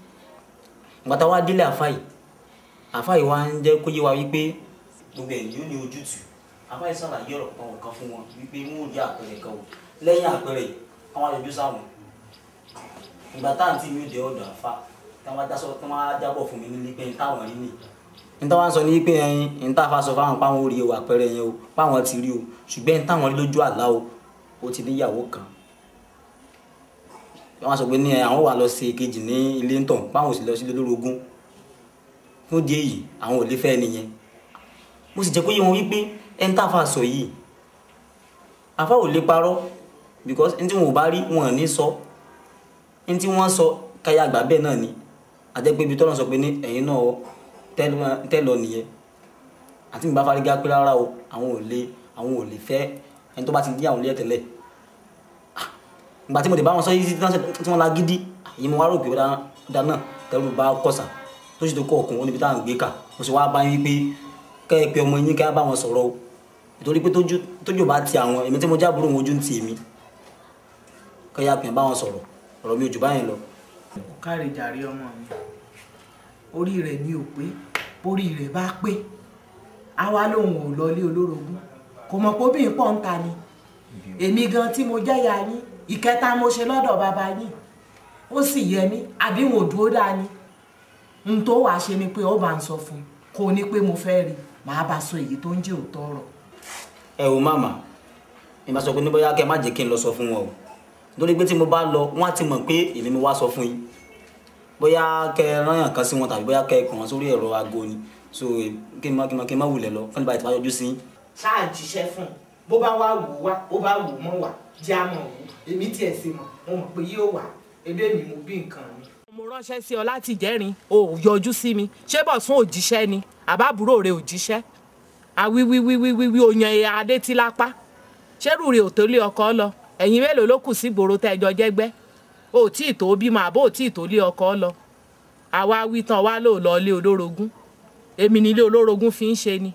ìgbà tá wá délé àfa yìí àfa yìí wá ń jẹ́ kó yé wa wípé gbogbo ẹ̀yìn yóò ní ojútùú àfa yìí sàlàyé ọ̀rọ̀ kọ̀ọ̀kan fún wọn wípé wọn ò rí àpẹẹrẹ kan o lẹ́yìn àpẹẹrẹ yìí àwọn àjọjọ́ sáwọn ìgbà táǹtì mi ò dé ọ̀dọ̀ àfa táwọn adásọ táwọn ajábọ̀ fún mi nílé pé táwọn rí mi. n táwọn sọ ní pé ẹyin n tá a fa sọ fáwọn páwọn ò o àpẹẹrẹ yẹn o páwọn ti rí o ṣùgbọ́n táwọn rí lójú àlá o ó ti níyàwó kan wọn sọ pé ní àwọn wà lọ sí èkejì ní ilé ńtọ̀ páwọn ò sì lọ sí lórogún fún di èyí àwọn ò lè fẹ́ nìyẹn mo sì jẹ́ pé wọn wípé ẹni tá a fa sọ yìí àfa ò lè parọ́ because ẹni tí wọn ò bá rí wọn ò ní sọ ẹni tí wọ́n sọ káyà àgbà bẹ́ẹ̀ náà ni àjẹpé ibi tọ́lọ́ sọ pé ní ẹ̀yin náà tẹ́lọ nìyẹn àti mi bá fárígá pé rárá o àwọn ò lè àwọn ò lè fẹ́ ẹni tó bá ti dí àwọn ilé ẹ̀tẹ̀lẹ̀ ah, ìgbà tí mo dé bá wọn sọ yìí tí wọ́n la ah, gidi yìí mo wá rò pé dáná tẹ́lú bá kọ̀sà tó ṣe tó kọ́ ọkùn ó níbi táwọn gbé kà mo sì wá bá yín pé kẹ́ ẹ pé ọmọ yín ká bá wọn sọ̀rọ̀ o nítorí pé tójú bá ti àwọn èmi tí mo jábúrò wọn ojú ń ti èmi kẹ́ ẹ yá pè bá wọn sọ̀rọ̀ ọ̀rọ̀ mi ò jù báyẹn lọ káre jàre ọmọ mi orí rẹ̀ ni ò pé borí rẹ̀ bá pé àwa lòun ò lọlé olórogún kò mọ̀ pé obìnrin pọ̀ ń ta ni èmi gan tí mo jẹ́yà yín ìkẹta mo ṣe lọ́dọ̀ bàbá yín ó sì yẹ mí àbí wọn ò dúró dáa ni n tó wàá ṣe ni pé ó bá ń sọ fún un kò ní pé mo fẹ́ rí màá bá sọ èyí tó ń jẹ́ òótọ́ ọ̀rọ̀. ẹ o màmá ìbá sọ pé ní bóyá kẹ má jẹ́ kí n lọ sọ fún wọn o nítorí pé tí mo bá lọ wọ́n á ti mọ̀ pé èmi mo wá sọ fún yín bóyá kẹ rányàn kan sí wọn tàbí bóyá kẹ kàn án sórí ẹ̀rọ aago ni so kí n má kí n má kí n má wulẹ̀ lọ fún ìbáyìí tí wọ́n yọjú sí. ṣáà jíṣẹ́ fún bó bá wá wò wá bó bá wò mọ́ wá jẹ́ àmọ̀ èmi tiẹ̀ sì mọ̀ mo mọ̀ pé yóò wà ebí èmi mo bí nǹkan mi mo ránṣẹ́ sí ọ láti jẹ́rin o ò yọjú sí mi ṣé bọ̀ fún òjíṣẹ́ ni àbábúrò rẹ òjíṣẹ́ àwíwíwíwíwí oyan e adé tí lápá ṣérù rẹ ò tó lọ ẹ̀yin mélòó ló kù sí gbòòrò tẹ́ ẹjọ́ jẹ́gbẹ́ o ò tí ì tó bímọ àbó ò tí ì tó lé ọkọ lọ àwa wí tán wá lò lọ ilé olórogún èmi ni ilé olórogún fi ń ṣe ni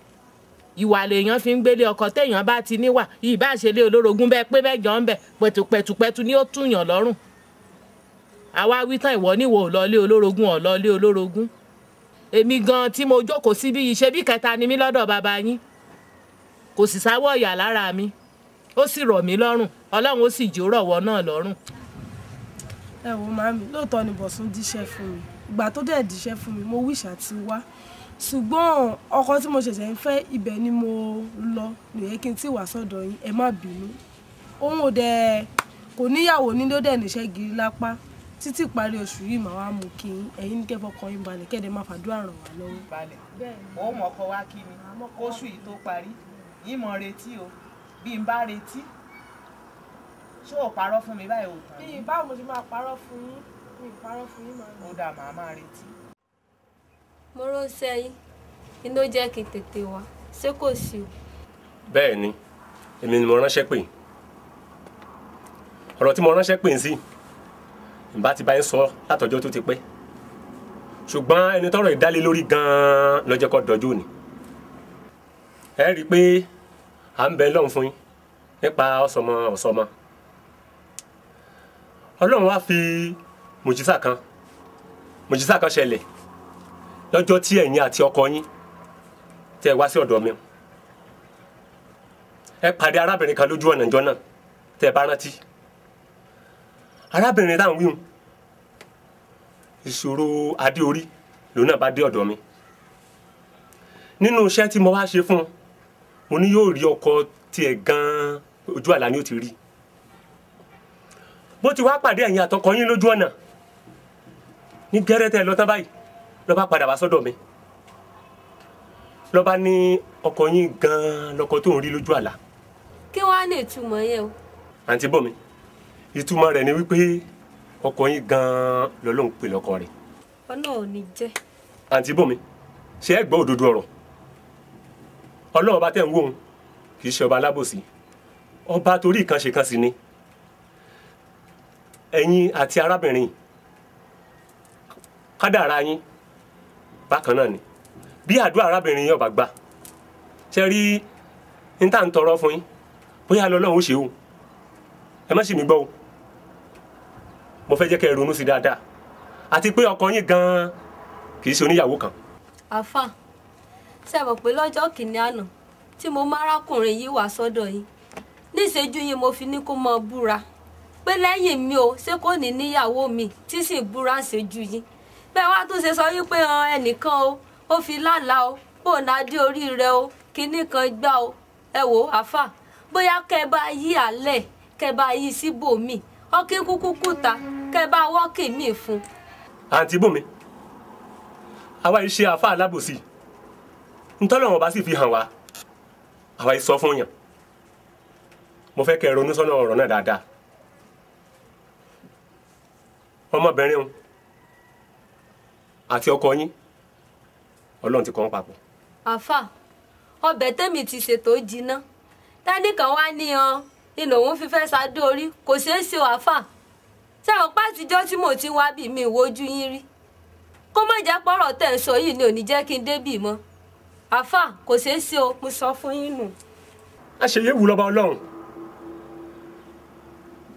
ìwà lèèyàn fi ń gbélé ọkọ téèyàn bá ti níwà ìbá ṣe ilé olórogún bẹ́ẹ̀ pé mẹ́jọ ń bẹ̀ pẹ̀tùpẹ̀tùpẹ̀tù ni ó túyàn lọ́rùn àwa wí ìwọ níwò lọ ilé olórogún ò lọ ilé olórogún èmi gan tí mo jókòó síbí yìí ṣe bí kẹta ni mí lọ́dọ̀ bàbá yín kò sì sáwọ́ ìyà lára mi ó sì rọ̀ mí lọ́rùn ọlọ́run ó sì jò rọ̀wọ́ náà lọ́rùn. ẹ wo màmí lóòótọ́ ni bọ̀sùn díṣẹ́ fún mi ìgbà tó dẹ̀ díṣẹ́ fún mi mo wíṣà ti wá ṣùgbọ́n ọkọ tí mo ṣẹ̀ṣẹ̀ ń fẹ́ ibẹ̀ ni mo lọ nìyẹn kí n tí wà sọ́dọ̀ yín ẹ má bínú òun ò dẹ̀ kò níyàwó nílé ó dẹ̀ níṣẹ́ gírí lápá títí ìparí oṣù yìí màá wá mú kí n ẹ̀yin ní kẹfọ kan yín balẹ̀ kẹdẹ máa fàdúrà ràn wá lọ́wọ́. balẹ̀ ó mọ̀ ọkọ wá kí mi kóṣù yìí tó parí yín mọ̀ retí o bí n bá retí ṣé o parọ́ fún mi báyìí o tàn báwo mo máa parọ́ fún yín mi parọ́ fún yín màá. ó dà màá máa retí. mo ránṣẹ́ yín inú jẹ́ kí n tètè wá ṣé kò sí o. bẹ́ẹ̀ ni èmi ni mo ránṣẹ́ pè ọ̀rọ̀ tí mo ránṣẹ́ pè ń sí ìbá ti bá yín sọ látọjọ́ tó ti pẹ́ ṣùgbọ́n ẹni tọ́rọ̀ ìdálé lórí gan-an ló jẹ́ kó dọjú òní ẹ rí i pé à ń bẹ lọ́hùn fún yín nípa ọ̀sọ̀mọ ọ̀sọ̀mọ ọlọ́run wá fi mùjísà kan mùjísà kan ṣẹlẹ̀ lọ́jọ́ tí ẹ̀yin àti ọkọ yín tẹ́ wá sí ọ̀dọ̀ mi ẹ pàdé arábìnrin kan lójú ọ̀nà ìjọ náà tẹ́ bá rántí arábìnrin táwọn wíhun ìṣòro adé orí lòun náà bá dé ọ̀dọ̀ mi nínú iṣẹ́ tí mo wá ṣe fún un mo ní yóò rí ọkọ tiẹ̀ gan-an ojú àlá ni ó ti rí bó ti wá pàdé ẹ̀yìn àtọkọ yín lójú ọ̀nà ní gẹ́rẹ́tẹ̀ lọ́tán báyìí lọ́ba padà wá sọ́dọ̀ mi lọ́ba ní ọkọ yín gan-an lọkọ tó ń rí lójú àlá. kí wàá ní ìtumọ̀ yẹn o. àǹtí bọ̀mí ìtumọ̀ rẹ̀ ni wípé ọkọ yín gan-an lọ́lọ́run pè lọ́kọ rẹ̀. ọlọ́run ní jẹ́. àǹtí bọ̀mí ṣé ẹ gbọ́ òdodo ọ̀rọ̀ ọlọ́run ọba tẹ̀ ń wò ń kì í ṣe ọba alábòsí ọba torí ìkànṣe kan sí ni ẹ̀yin àti arábìnrin kádàrá yín bákan náà ni bí àdúrà arábìnrin yín ọba gbà ṣe rí n tá à ń tọrọ fún yín bóyá lọ́lọ́run ó ṣe o ẹ má ṣì mí gbọ́ o mo fẹ́ jẹ́ kẹ́ ẹ ronú sí dáadáa àti pé ọkọ yín gan-an kì í ṣe oníyàwó kan. àfáà ṣe mọ̀ pé lọ́jọ́ kìíní àná tí mo márákùnrin yìí wá sọ́dọ̀ yìí níṣẹ́jú yìí mo fi ní kó máa búra pé lẹ́yìn mi o ṣé kò ní níyàwó mi tí sì búra ṣẹ́jú yìí bẹ́ẹ̀ wá tún ṣe sọ wípé ẹnìkan o ó fi lálà o bò ń adé orí rẹ o kinní kan gbá o ẹ wò àfà bóyá kẹ bá yí àlẹ̀ kẹ bá yí síbòmí ọkín kúkúkú ta kẹ bá wọ́ọ̀kì míì fún. àǹtí bùnmi àwa yìí ṣe àfà alábòsí yìí ntọ́lọ̀ wọn bá sì fi hàn wá àwa yìí sọ fún yàn mo fẹ́ kẹ́ ẹ ronú sọ́nà ọ̀rọ̀ náà dáadáa ọmọbìnrin òun àti ọkọ yín ọlọ́run ti kọ́ wọn papọ̀. àfà ọbẹ̀ tẹ́mi ti ṣètò jiná tẹ́nìkan wá ní ọ ilẹ̀ òun fífẹ́ ṣáájú orí kò ṣeé ṣe àfà ṣé àwọn pàtijọ́ tí mo ti wá bí mi ìwojú yín rí kó má jẹ́ pọ̀rọ̀ tẹ̀ ń sọ yìí ni ò ní jẹ́ kí n débì mọ́ àfà kò ṣeé ṣe o mo sọ fún yín nù. a ṣe yé wùlọ́ba ọlọ́run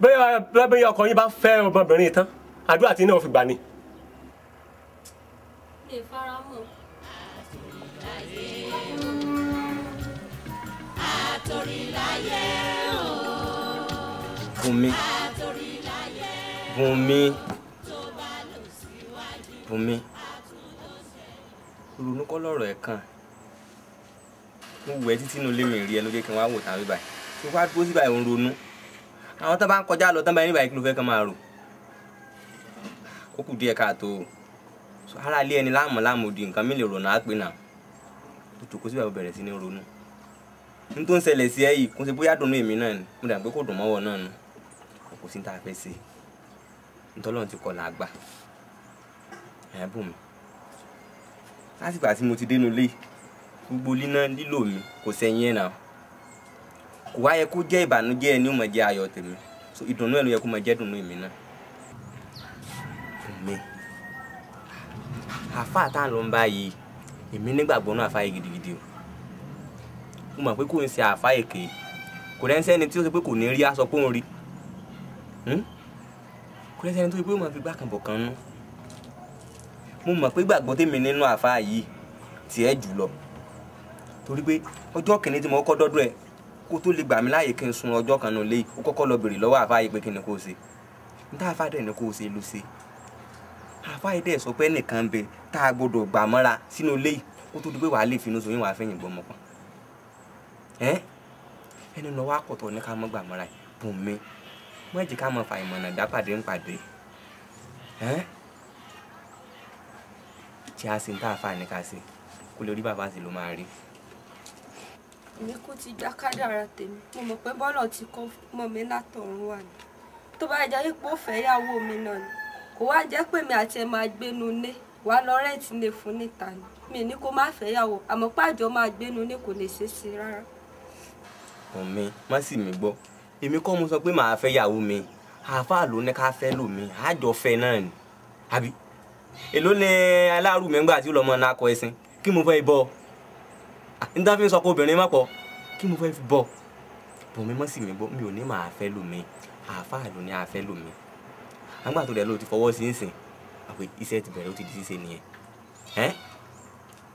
bẹ́ẹ̀ bẹ́ẹ̀ ọkọ yín bá fẹ́ ọmọbìnrin tán àdúrà tí náà fi gbà ni. Bùnmi Bùnmi Bùnmi ronú kọ́ lọ́rọ̀ ẹ̀ kan mo wù ẹ́ títí inú ilé mi rí ẹ ló jẹ́ kí n wá wò tán bíbá yìí kí n wá dúró síbà ìhun ronú àwọn tó bá ń kọjá lọ tán bá yín báyìí kí ló fẹ́ kán máa rò ó kù díẹ̀ káàtó o ara ilé ẹni láàmú láàmú di nǹkan mi lè rò náà pé náà ó jòkó síbà ó bẹ̀rẹ̀ sí ní ronú ní tó ń ṣẹlẹ̀ sí ẹ yìí kó ṣe bóyá dùnú èmi náà ni mo dà pé kò dùn mọ́wọ́ náà ni kò sí tá a fẹ́ ṣe ntọ́lọ́run ti gbogbo líná lilo mi kò sẹ́yìn ẹ̀ náà kò wá yẹ kó jẹ́ ìbànújẹ́ ẹni ò mọ̀ jẹ́ ayọ̀ tèmi so ìdùnnú ẹ̀ ló yẹ kó mọ̀ jẹ́ ìdùnnú èmi náà. mi àáfàá tá à ń lọ ń bá yìí èmi nígbàgbọ́ náà àáfàá yìí gidigidi o mo mọ̀ pé kò ń ṣe àáfàá èké kò lẹ́nu sẹ́ni tí ó ṣe pé kò ní rí aṣọ pé òun rí hmm? kò lẹ́nu sẹ́ni tó ṣe pé ó máa fi gbá kan bọ̀ kan nú mo mọ̀ pé gbàgbọ́ tèmi nínú àáfàá yìí tiẹ̀ jù torí pé ọjọ́ kìíní tí mo kọ́kọ́ dọ́dọ̀ ẹ̀ kó tó lè gbà mí láàyè kí n sun ọjọ́ kan nù léyìí ó kọ́kọ́ lọ bèrè lọ́wọ́ àfáà yìí pé kí ni kò ṣe n tá àfáà dẹ̀ ni kò ṣe ló ṣe àfáà yìí dẹ̀ sọ pé nìkan bẹ tá a gbọdọ̀ gbà mọ́ra sínú léyìí kó tó di pé wàá lè finú sóyún wàá fẹ́yìn gbọ́mọ kan ẹ ẹni lọ wá kọ̀tọ̀ ní ká mọ́ gbà mọ́ra bùn mi mọ́ ẹ̀jẹ̀ ká mọ́ fà ìmọ̀nà èmi kú ti gba kádàrá tèmi mo mọ̀ pé bọ́lọ̀ ti kọ́ mọ́ mi látọ̀run wà ní tó bá jẹ́ ipò fẹ́yàwó mi náà ni kò wá jẹ́ pé mi àti ẹ máa gbénu ilé wà lọ rẹ́ǹtì lè fún níta ni mi ní kó má fẹ́yàwó àmọ́ pàjọ máa gbénu ilé kò lè ṣeé ṣe rárá. ọ̀mí má sì mí gbọ́ èmi kọ́ mo sọ pé màá fẹ́yàwó mi àáfàá ló ní ká fẹ́ lómi àjọ fẹ́ náà ni àbí èló ni aláàrú mẹ́ngbà tí ó lọ́ mọ́ náà kọ ẹ̀sìn kí mo n tá fi sọ pé obìnrin má pọ̀ kí mo fẹ́ fi bọ̀ bọ̀ mi mọ́ sí mi bọ́ mi ò ní màá fẹ́ lù mí ló ní àfẹ́ lù àgbà tó dẹ̀ ló ti fọwọ́ sí ń sìn àpè iṣẹ́ ti bẹ̀rẹ̀ ó ti di ṣíṣe nìyẹn ẹ́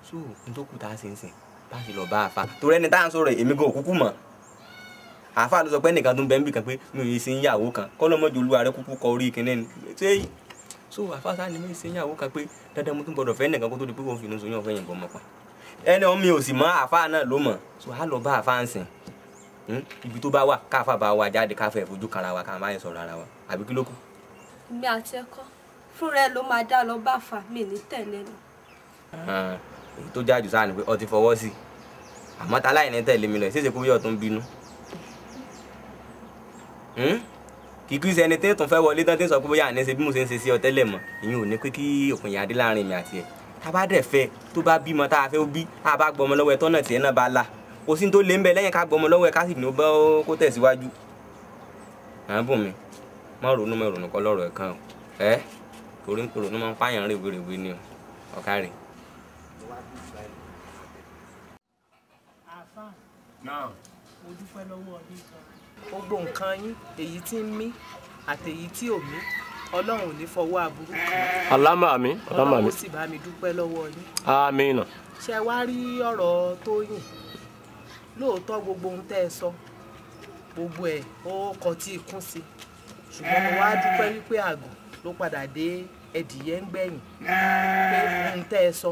so n tó kù tá a ṣe ń sìn bá a ṣe lọ bá àfa torí ẹni tá à ń sọ̀rọ̀ èmi gan òkúkú mọ̀ àáfàá ló sọ pé ẹnìkan tó ń bẹ ń bì kan pé mi ò yẹ ṣe ń yàwó kan kọ́ lọ́mọdé olúwa rẹ kúkú kọ orí kìnìún ni ṣé so àáfàá sáà ni mi ṣe ń yàwó kan pé dandan mo tún gbọdọ̀ fẹ́ ẹnìkan kó tó di pé òun fi inú sọ yàn fẹ́ yìnbọn mọ́ pa ẹni ọ̀hún mi ò sì mọ àfa náà ló mọ̀ so a lọ bá àfa ń sìn hmm? ibi tó bá wà káfa bá wa jáde káfa ìfojú kan ara wa káfa báyìí sọ̀rọ̀ ara wa àbí kí ló kù. èmi àti ẹkọ fúnra ẹ ló máa dá lọ bá àfa mi ní tẹ̀lé ni. èyí tó jájú sáà ni pé ọ ti fọwọ́ sí i àmọ́ ta láì ní tẹ̀lé mi lọ ṣéṣe kó bí ọ̀tún bínú. kìkì hmm? sẹni tí ń tún fẹ́ wọlé tán tí ń sọ pé bóyá àní ṣe bí mo ṣe ń ṣe sí ọ tẹ́lẹ̀ mọ́ ìyẹn ò ní pé kí òkùnyà dé láàrin mi àti ẹ̀ tábà dẹ̀ fẹ́ tó bá bímọ tá a fẹ́ bí a bá gbọmọ lọ́wọ́ ẹ̀ tọ́nà tiẹ̀ náà bá la kò sí tó lé ń bẹ lẹ́yìn ká gbọmọ lọ́wọ́ ẹ̀ ká sì ní ó bá kó tẹ̀síwájú. àbùnmi má ronú má ronú kọ́ lọ́rọ̀ ẹ̀ kan o ẹ́ torí ń ronú máa pààyàn rèwerèwe ni o ọ̀kárì. àfáà náà mo kan yín èyí tí ń mí àtèyí tí ò mí ọlọ́run ò ní fọwọ́ aburú. alámà mi alámà mi. ọlọ́run sì bá mi dúpẹ́ lọ́wọ́ yín. àmín. ṣé wá rí ọ̀rọ̀ Tóyìn lóòótọ́ gbogbo ohun tẹ́ ẹ sọ gbogbo ẹ̀ ó kọ tí ikún sí ṣùgbọ́n mo wá dúpẹ́ wípé àgùn ló padà dé ẹdìyẹ ń gbẹ̀yìn pé ohun tẹ́ ẹ sọ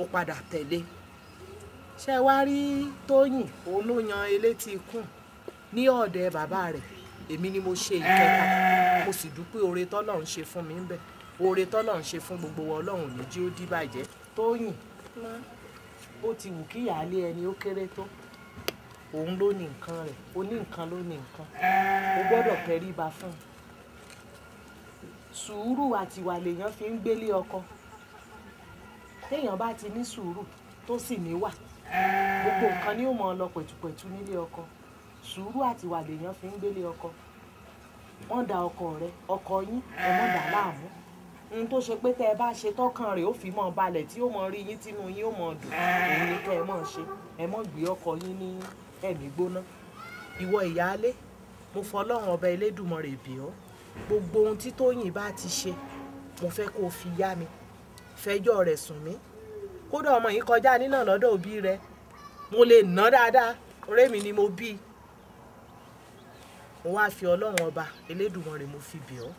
ó padà tẹ̀lé ṣé wá rí Tóyìn òun ló yan elétí ikún ní ọ̀dẹ bàbá rẹ̀ èmi ni mo ṣe ìkẹta mo sì dúpẹ́ oore tọ́lọ́run ṣe fún mi ń bẹ̀ oore tọ́lọ́run ṣe fún gbogbo wa ọlọ́run ní jí ó dìbàjẹ́ tóyìn ó ti wù kí ìyáálé ẹni ó kéré tó òun ló ní nǹkan rẹ̀ ó ní nǹkan ló ní nǹkan ó gbọ́dọ̀ tẹríba fún un sùúrù àtiwà lèèyàn fi ń gbélé ọkọ téèyàn bá ti ní sùúrù tó sì níwà gbogbo nǹkan ni ó mọ ọ lọ pẹ̀tùpẹ̀tù nílé ọkọ sùúrù àti ìwà lèèyàn fi ń gbélé ọkọ wọ́n da ọkọ rẹ ọkọ yín ẹ mọ̀ dà láàmú ohun tó ṣe pé tẹ́ ẹ bá ṣe tọkàn rẹ̀ ó fi mọ́ balẹ̀ tí ó mọ rí yín tínú yín ó mọ dùn òun ni kẹ́ ẹ mọ̀ ṣe ẹ mọ̀ gbé ọkọ yín ní ẹ̀mí gbóná ìwọ ìyáálé mo fọlọ́run ọba Elédùmarè bì ọ́ gbogbo ohun tí Tóyìn bá ti ṣe mo fẹ́ kó o fi yá mi fẹjọ́ rẹ̀ sùn mí kódà ọmọ yìí kọjá nínà lọ́dọ̀ òbí rẹ̀ mo lè ná dáadáa rémi ni mo bí mo wá fi ọlọ́run ọba elédùnmọ̀rẹ́ mo fi bì ọ́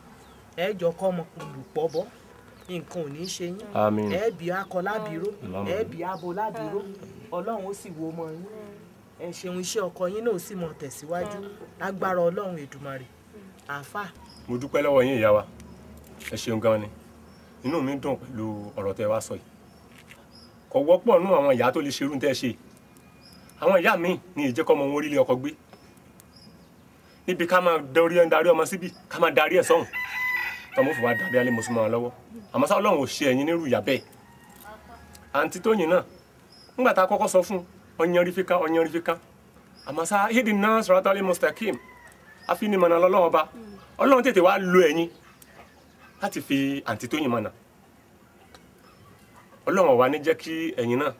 ẹ jọ kọ́ ọmọ olùpọ̀ nǹkan ò ní í ṣe yín ẹ bí akọ lábìró ẹ bí abo lábìró ọlọ́run ó sì wo ọmọ yín ẹ ṣeun iṣẹ́ ọkọ yín náà sì mọ̀ tẹ̀síwájú lágbára ọlọ́run èdùmàrè àáfà. mo dúpẹ́ lọ́wọ́ yín ìyá wa ẹ ṣeun gan ni inú mi dùn pẹ̀lú ọ̀rọ̀ tẹ wá sọ yìí kò wọ́pọ̀ nú àwọn ìyá tó lè ṣerú tẹ́ ṣe àwọn ìyá mi ni ìjẹ́kọ́ wọn orílẹ̀ ọkọ gbé níbi ká máa dorí ọmasibi ń darí ọmọ síbi ká máa darí ẹ̀ sọ́hùn tọmọ fún wa dàbí alẹ́ mọ̀sùn máa lọ́wọ́ àmọ́ sá ọlọ́run ò ṣe nírú ìyá bẹ́ẹ̀ àǹtí náà tá a kọ́kọ́ sọ fún ọyàn rí ọyàn rí àmọ́ sá hídì náà ọba ọlọ́run tètè wá lo láti fi àǹtí tóyìn mọ̀nà ọlọ́run ọ̀wá ní jẹ́ kí náà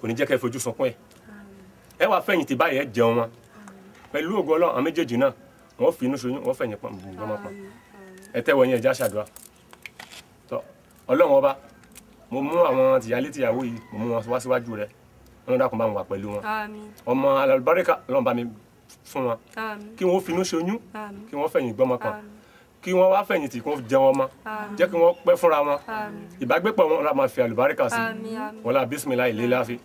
kò ní jẹ́ kẹ́ fojú sunkún ẹ̀ ẹ báyìí ẹ jẹun wọn pẹ̀lú ọlọ́run náà wọ́n fi inú ṣoyún wọ́n fẹ̀yìn pọ̀n gbọ́n máa pọ̀n ẹ tẹ́wọ̀ ẹja ṣàdúrà tọ́ ọlọ́run ọba mo mú àwọn tìyálé tìyàwó yìí mo mú wọn wá síwájú rẹ wọn dákun bá wọn wà pẹ̀lú wọn ọmọ alùbáríkà ọlọ́run bá mi fún wọn kí wọ́n finú ṣoyún kí wọ́n fẹ̀yìn gbọ́n máa kí wọ́n wá fẹ̀yìntì kó jẹun ọmọ jẹ́ kí wọ́n pẹ́ fúnra wọn ìbágbépọ̀ wọn la máa fi àlùbáríkà sí wọn la bísímìlá yìí léláfi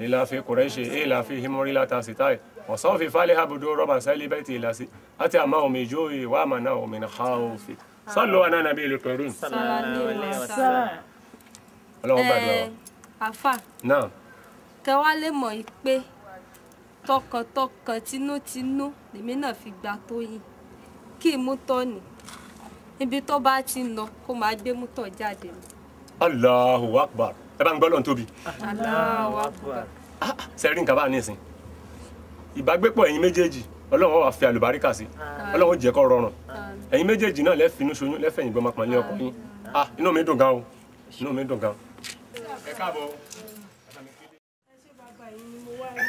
léláfi kùrẹ́ṣe éèláfi hímọ́rí látàsítáì وصافي فالها بدو ربع سالي بيتي لاسي أتي أماه من جوي وأمناه من خوفي صلوا على نبي الكريم صلى الله عليه وسلم ọlọ́run gbàdúrà wa. àfà náà. kẹ wá lè mọ̀ yìí pé tọkàntọkàn tinútinú lèmi náà fi gba tó yìí kí imú tọ́ ni ibi tó bá ti nà kó máa gbé mú tọ̀ jáde. Allahu Akbar ẹ bá ń gbọ́ lọ́n tóbi. Allahu Akbar. sẹ́rí ah, ah, nǹkan bá a ní ìsìn ìbágbépọ̀ ẹ̀yin méjèèjì ọlọ́run wà fi àlùbáríkà sí ọlọ́run jẹ́ kó rọrùn ẹ̀yin méjèèjì náà lẹ́fìnú ṣoyún lẹ́fẹ̀yìn gbọ́n máa ń lé yín ah inú mi dùn gan o inú mi dùn gan. ẹ káàbọ̀ ẹ ṣe bàbá yìí ni mo wá rí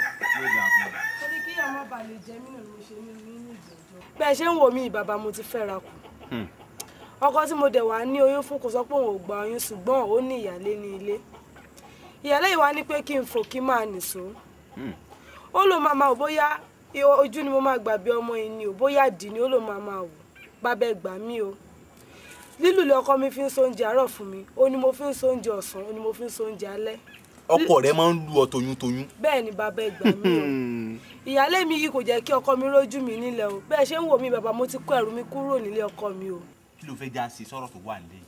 torí kí àwọn balẹ̀ jẹ́ mí náà ló ṣe ní nínú ìjẹ́jọ́. bẹ́ẹ̀ ṣe ń wò mí bàbá mo ti fẹ́ ra kù hmm. ọkọ tí mo dẹ̀ wá ní oyún fún kò sọ pé òun ò gba oyún ṣùgbọ́n ó ní ìyálé ní ilé ìyálé yìí wá pé kí n fò kí n máa nìṣó ó lò máa máa wò bóyá ojú ni mo máa gbà bí ọmọ yìí ni ò bóyá dì ni ó lò máa máa wò bàbá gbà mí o lílù lé ọkọ mi fi ń so oúnjẹ àárọ̀ fún mi ó ní mo fi ń so oúnjẹ ọ̀sán ó ní mo fi ń so oúnjẹ alẹ́. ọkọ rẹ máa ń lu ọ toyúntoyún. bẹ́ẹ̀ ni bàbá ẹ gbà mí o ìyáálé mi yìí kò jẹ́ kí ọkọ mi rójú mi nílẹ̀ o bẹ́ẹ̀ ṣe ń wò mí bàbá mo ti kó ẹrù mi kúrò nílé ọkọ mi o. kí ló fẹ́ já sí sọ̀rọ̀ tó wà nílé.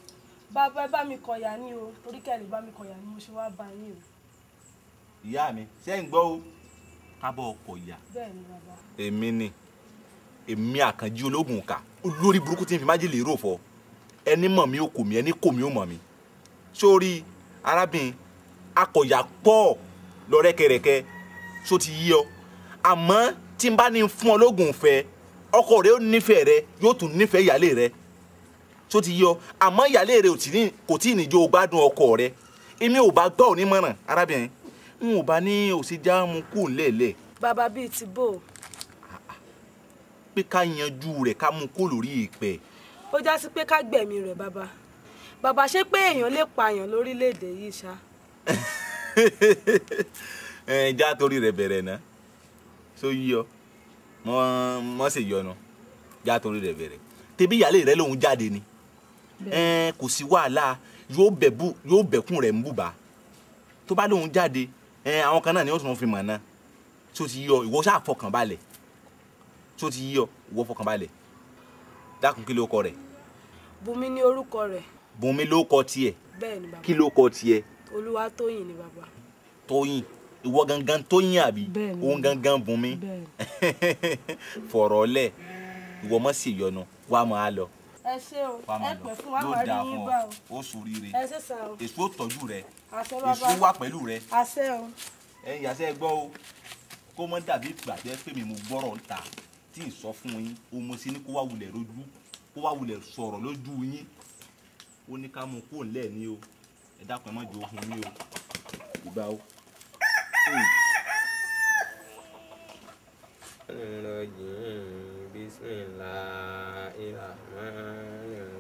bàbá ẹ bá mi kọ̀yà ni o torí kẹ́lẹ́ bá mi kọ̀yà ni mo ṣe wá bá yín o. ìyá mi ṣé gbọ́ tábọ̀ ọkọ̀ yà èmi ni èmi àkànjí ológun kà olórí burúkú tí n fi májèlé rò fọ ẹni mọ̀ mi ò kò mí ẹni kò mí ò mọ̀ mi sórí arábìnrin akọ̀yà pọ̀ lọ́rẹ́kẹrẹkẹ só ti yí ọ àmọ́ tí n bá ní fún ọ lóògùn fẹ́ ọkọ rẹ ó nífẹ̀ẹ́ rẹ yóò tún nífẹ̀ẹ́ ìyálé rẹ só ti yí ọ àmọ́ ìyálé rẹ kò tí ì o gbádùn ọkọ rẹ èmi ò bá gbọ́ ò ní mọ̀ràn arábìnrin n ò bá ní òsì jáàmù kù ńlẹ̀ẹ́lẹ̀. bàbá bíi ti bò. pé ká yanjú rẹ̀ ká mú kó lórí ìpẹ́. ó já sí pé ká gbẹ̀mí rẹ̀ bàbá bàbá ṣé pé èèyàn lè pààyàn lórílẹ̀‐èdè yìí ṣá. já torí rẹ̀ bẹ̀rẹ̀ ná só yí ọ mọ mọ sì yọnu já torí rẹ̀ bẹ̀rẹ̀ tẹbí ìyáálé rẹ̀ lòun jáde ni kò sí wàhálà yóò bẹ̀kún rẹ̀ ń bùbá tó bá lóun jáde ẹ àwọn kan náà ni ó tún fi mọ̀ náà tí o ti yọ ìwọ ṣáà fọkàn balẹ̀ tí o ti yọ ìwọ fọkàn balẹ̀ dákun kí ló kọ rẹ̀. Bùnmi ni orúkọ rẹ̀. Bùnmi ló kọ tiẹ̀. bẹ́ẹ̀ni bàbá kí ló kọ tiẹ̀. Olúwatóyìn ni bàbá. Tóyìn ìwọ gangan Tóyìn àbí òun gangan Bùnmi fọ̀rọ̀ lẹ̀ ìwọ mọ̀ sí ìyọnu wàá máa lọ. ẹ ṣé o ẹ pẹ fún wa máa rí yín bá o. ó sòrí rẹ èso tọ́jú rẹ èṣù wà pẹ̀lú rẹ ẹ̀yin àṣẹ gbọ́ o kó mọ́ dàbí ìgbà tẹ́ pé mi mo gbọ́rọ̀ ta tí ì sọ fún yín o mo sì ní kó wá wulẹ̀ rojú kó wá wulẹ̀ sọ̀rọ̀ lójú yín ó ní ká mú kó lẹ̀ ní o ẹ dákun ẹ má jẹ́ ohun ní o ìgbà o. Bismillahirrahmanirrahim.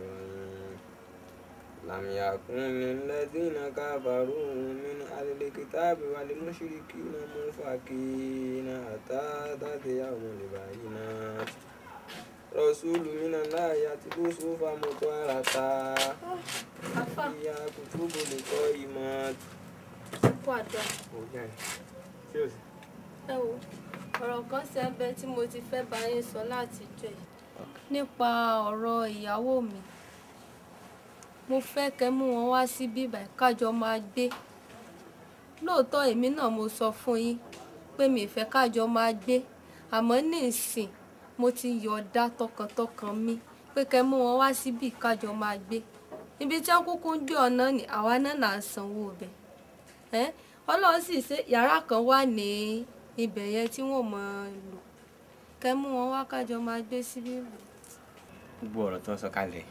لم يكن للذين كفروا من أهل الكتاب والمشركين منفكين حتى تأتيهم البينات رسول من الله يتلو صوفا مطهرة هي كتب القيمات ẹ wo ọ̀rọ̀ kan ṣẹbẹ tí mo ti fẹ́ bá yín sọ láti jẹ́ nípa ọ̀rọ̀ ìyàwó mi mo fẹ́ kẹ́ mú wọn wá síbí báyìí kájọ máa gbé lóòótọ́ èmi náà mo sọ fún yín pé mi ìfẹ́ kájọ máa gbé àmọ́ ní ìsìn mo ti yọ̀ọ̀dá tọkàntọkàn mi pé kẹ́ mú wọn wá síbí kájọ máa gbé ibi tí wọn kúkú ń gbé ọ̀nà ni àwa náà là ń sanwó ibẹ̀ ọlọ́run sì ṣe yàrá kan wà ní ibẹ̀ yẹn tí wọ́n mọ̀ ọ́n lò kẹ́ mú wọn wá kájọ máa gbé síbí. gbogbo ọ̀rọ̀ tó ń sọ kalẹ̀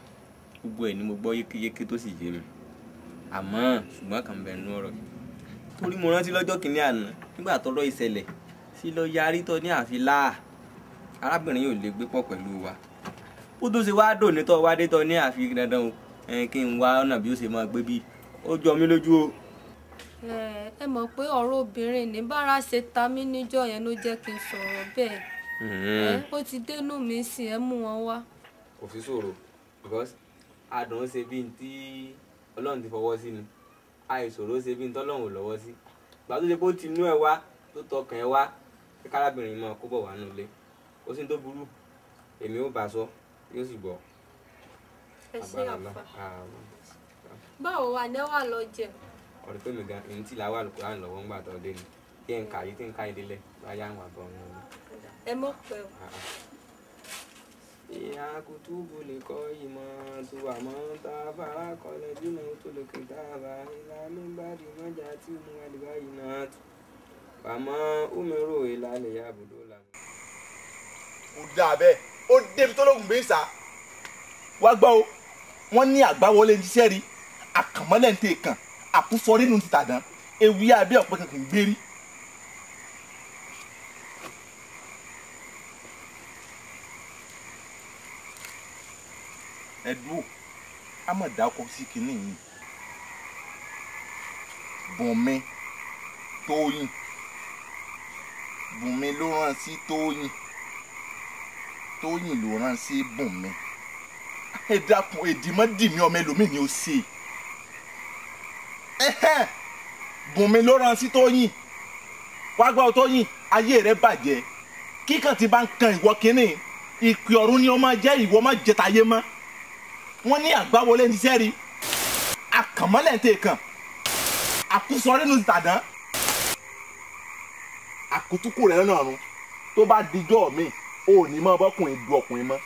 gbogbo ẹ̀ ni mo gbọ́ yékéyéké tó sì yé mi àmọ́ ṣùgbọ́n kàn bẹ̀ nú ọ̀rọ̀ torí mo rántí lọ́jọ́ kìíní àná nígbà tọ́rọ̀ ìṣẹ̀lẹ̀ sí lọ yarí tọ́ ní àfi láà arábìnrin yóò lè gbé pọ̀ pẹ̀lú wa ó tó ṣe wáá dòní tọ́ wá dé tọ́ ní àfi dandan o kí n wá ọ̀nà bí ó ṣe máa gbé bí ó jọ mí lójú o. ẹ mọ̀ pé ọ̀rọ̀ obìnrin ní bára ṣe ta mí níjọ́ yẹn ló jẹ́ kí n sọ̀rọ̀ bẹ́ẹ̀ hmm. ó ti dénú mi sí ẹ mú wọn wá. kò fi ṣòro because adùn ṣe bí ti ọlọ́run ti fọwọ́ sí ni àìṣòro ṣe bí tọ́lọ́run ò lọ́wọ́ sí gbà tó ṣe pé ó ti inú ẹ wá tó tọkàn ẹ wá kí kárábìnrin máa kó bọ̀ wá nílé ó sì ń tó burú èmi ó bá sọ yóò sì gbọ́. ẹ ṣe àfà ah, báwo wà ní wà lọ jẹ. ọ̀rẹ́ pé mi gan èmi tí làwọn àlùkò à ń lọ́wọ́ ńgbà tó dé ni kí n kà yìí tí n ká ìdílé bá yá àwọn àbọ̀ wọn. ẹ mọ̀ pẹ́ o. Ah, ah. إياك كتب لقائم ومن تاب قال جمعت الكتاب إلى من بعد ما جاءتهم البينات وما أمروا إلا ليعبدوا الله. ó dáa bẹ́ẹ̀ ó débi tó bẹ́ẹ̀ sá. wá gbọ́ o wọ́n ní àgbáwọlé iṣẹ́ rí àkànmọ́lẹ̀ ń tẹ̀ kàn àkúfọ́rí nù ti tàdán ewì abẹ́ ọ̀pẹ kankan gbérí. ẹdúró a mọ̀ dákọ́ sí kinní yìí bùnmi tóyìn bùnmi ló rán sí tóyìn tóyìn ló rán sí bùnmi ẹ dákun èdìmọ́ dìmí ọmọ ẹlòmíì ni ó ṣe bùnmi ló rán sí tóyìn wàá gbọ́ tóyìn ayé rẹ bàjẹ́ kíkàn tí bá ń kan ìwọ kínní ìpè ọ̀run ni ó máa jẹ́ ìwọ máa jẹ tayé mọ́ wọ́n ní àgbáwọlé ní sẹ́ẹ̀rí àkànmọ́lẹ̀ tẹ̀ kàn àkúsọ nínú tàdán àkútúkù rẹ̀ lọ́nà ọ̀run tó bá dijọ́ mi ò ní mọ́ bọ́kùnrin du ọkùnrin mọ́.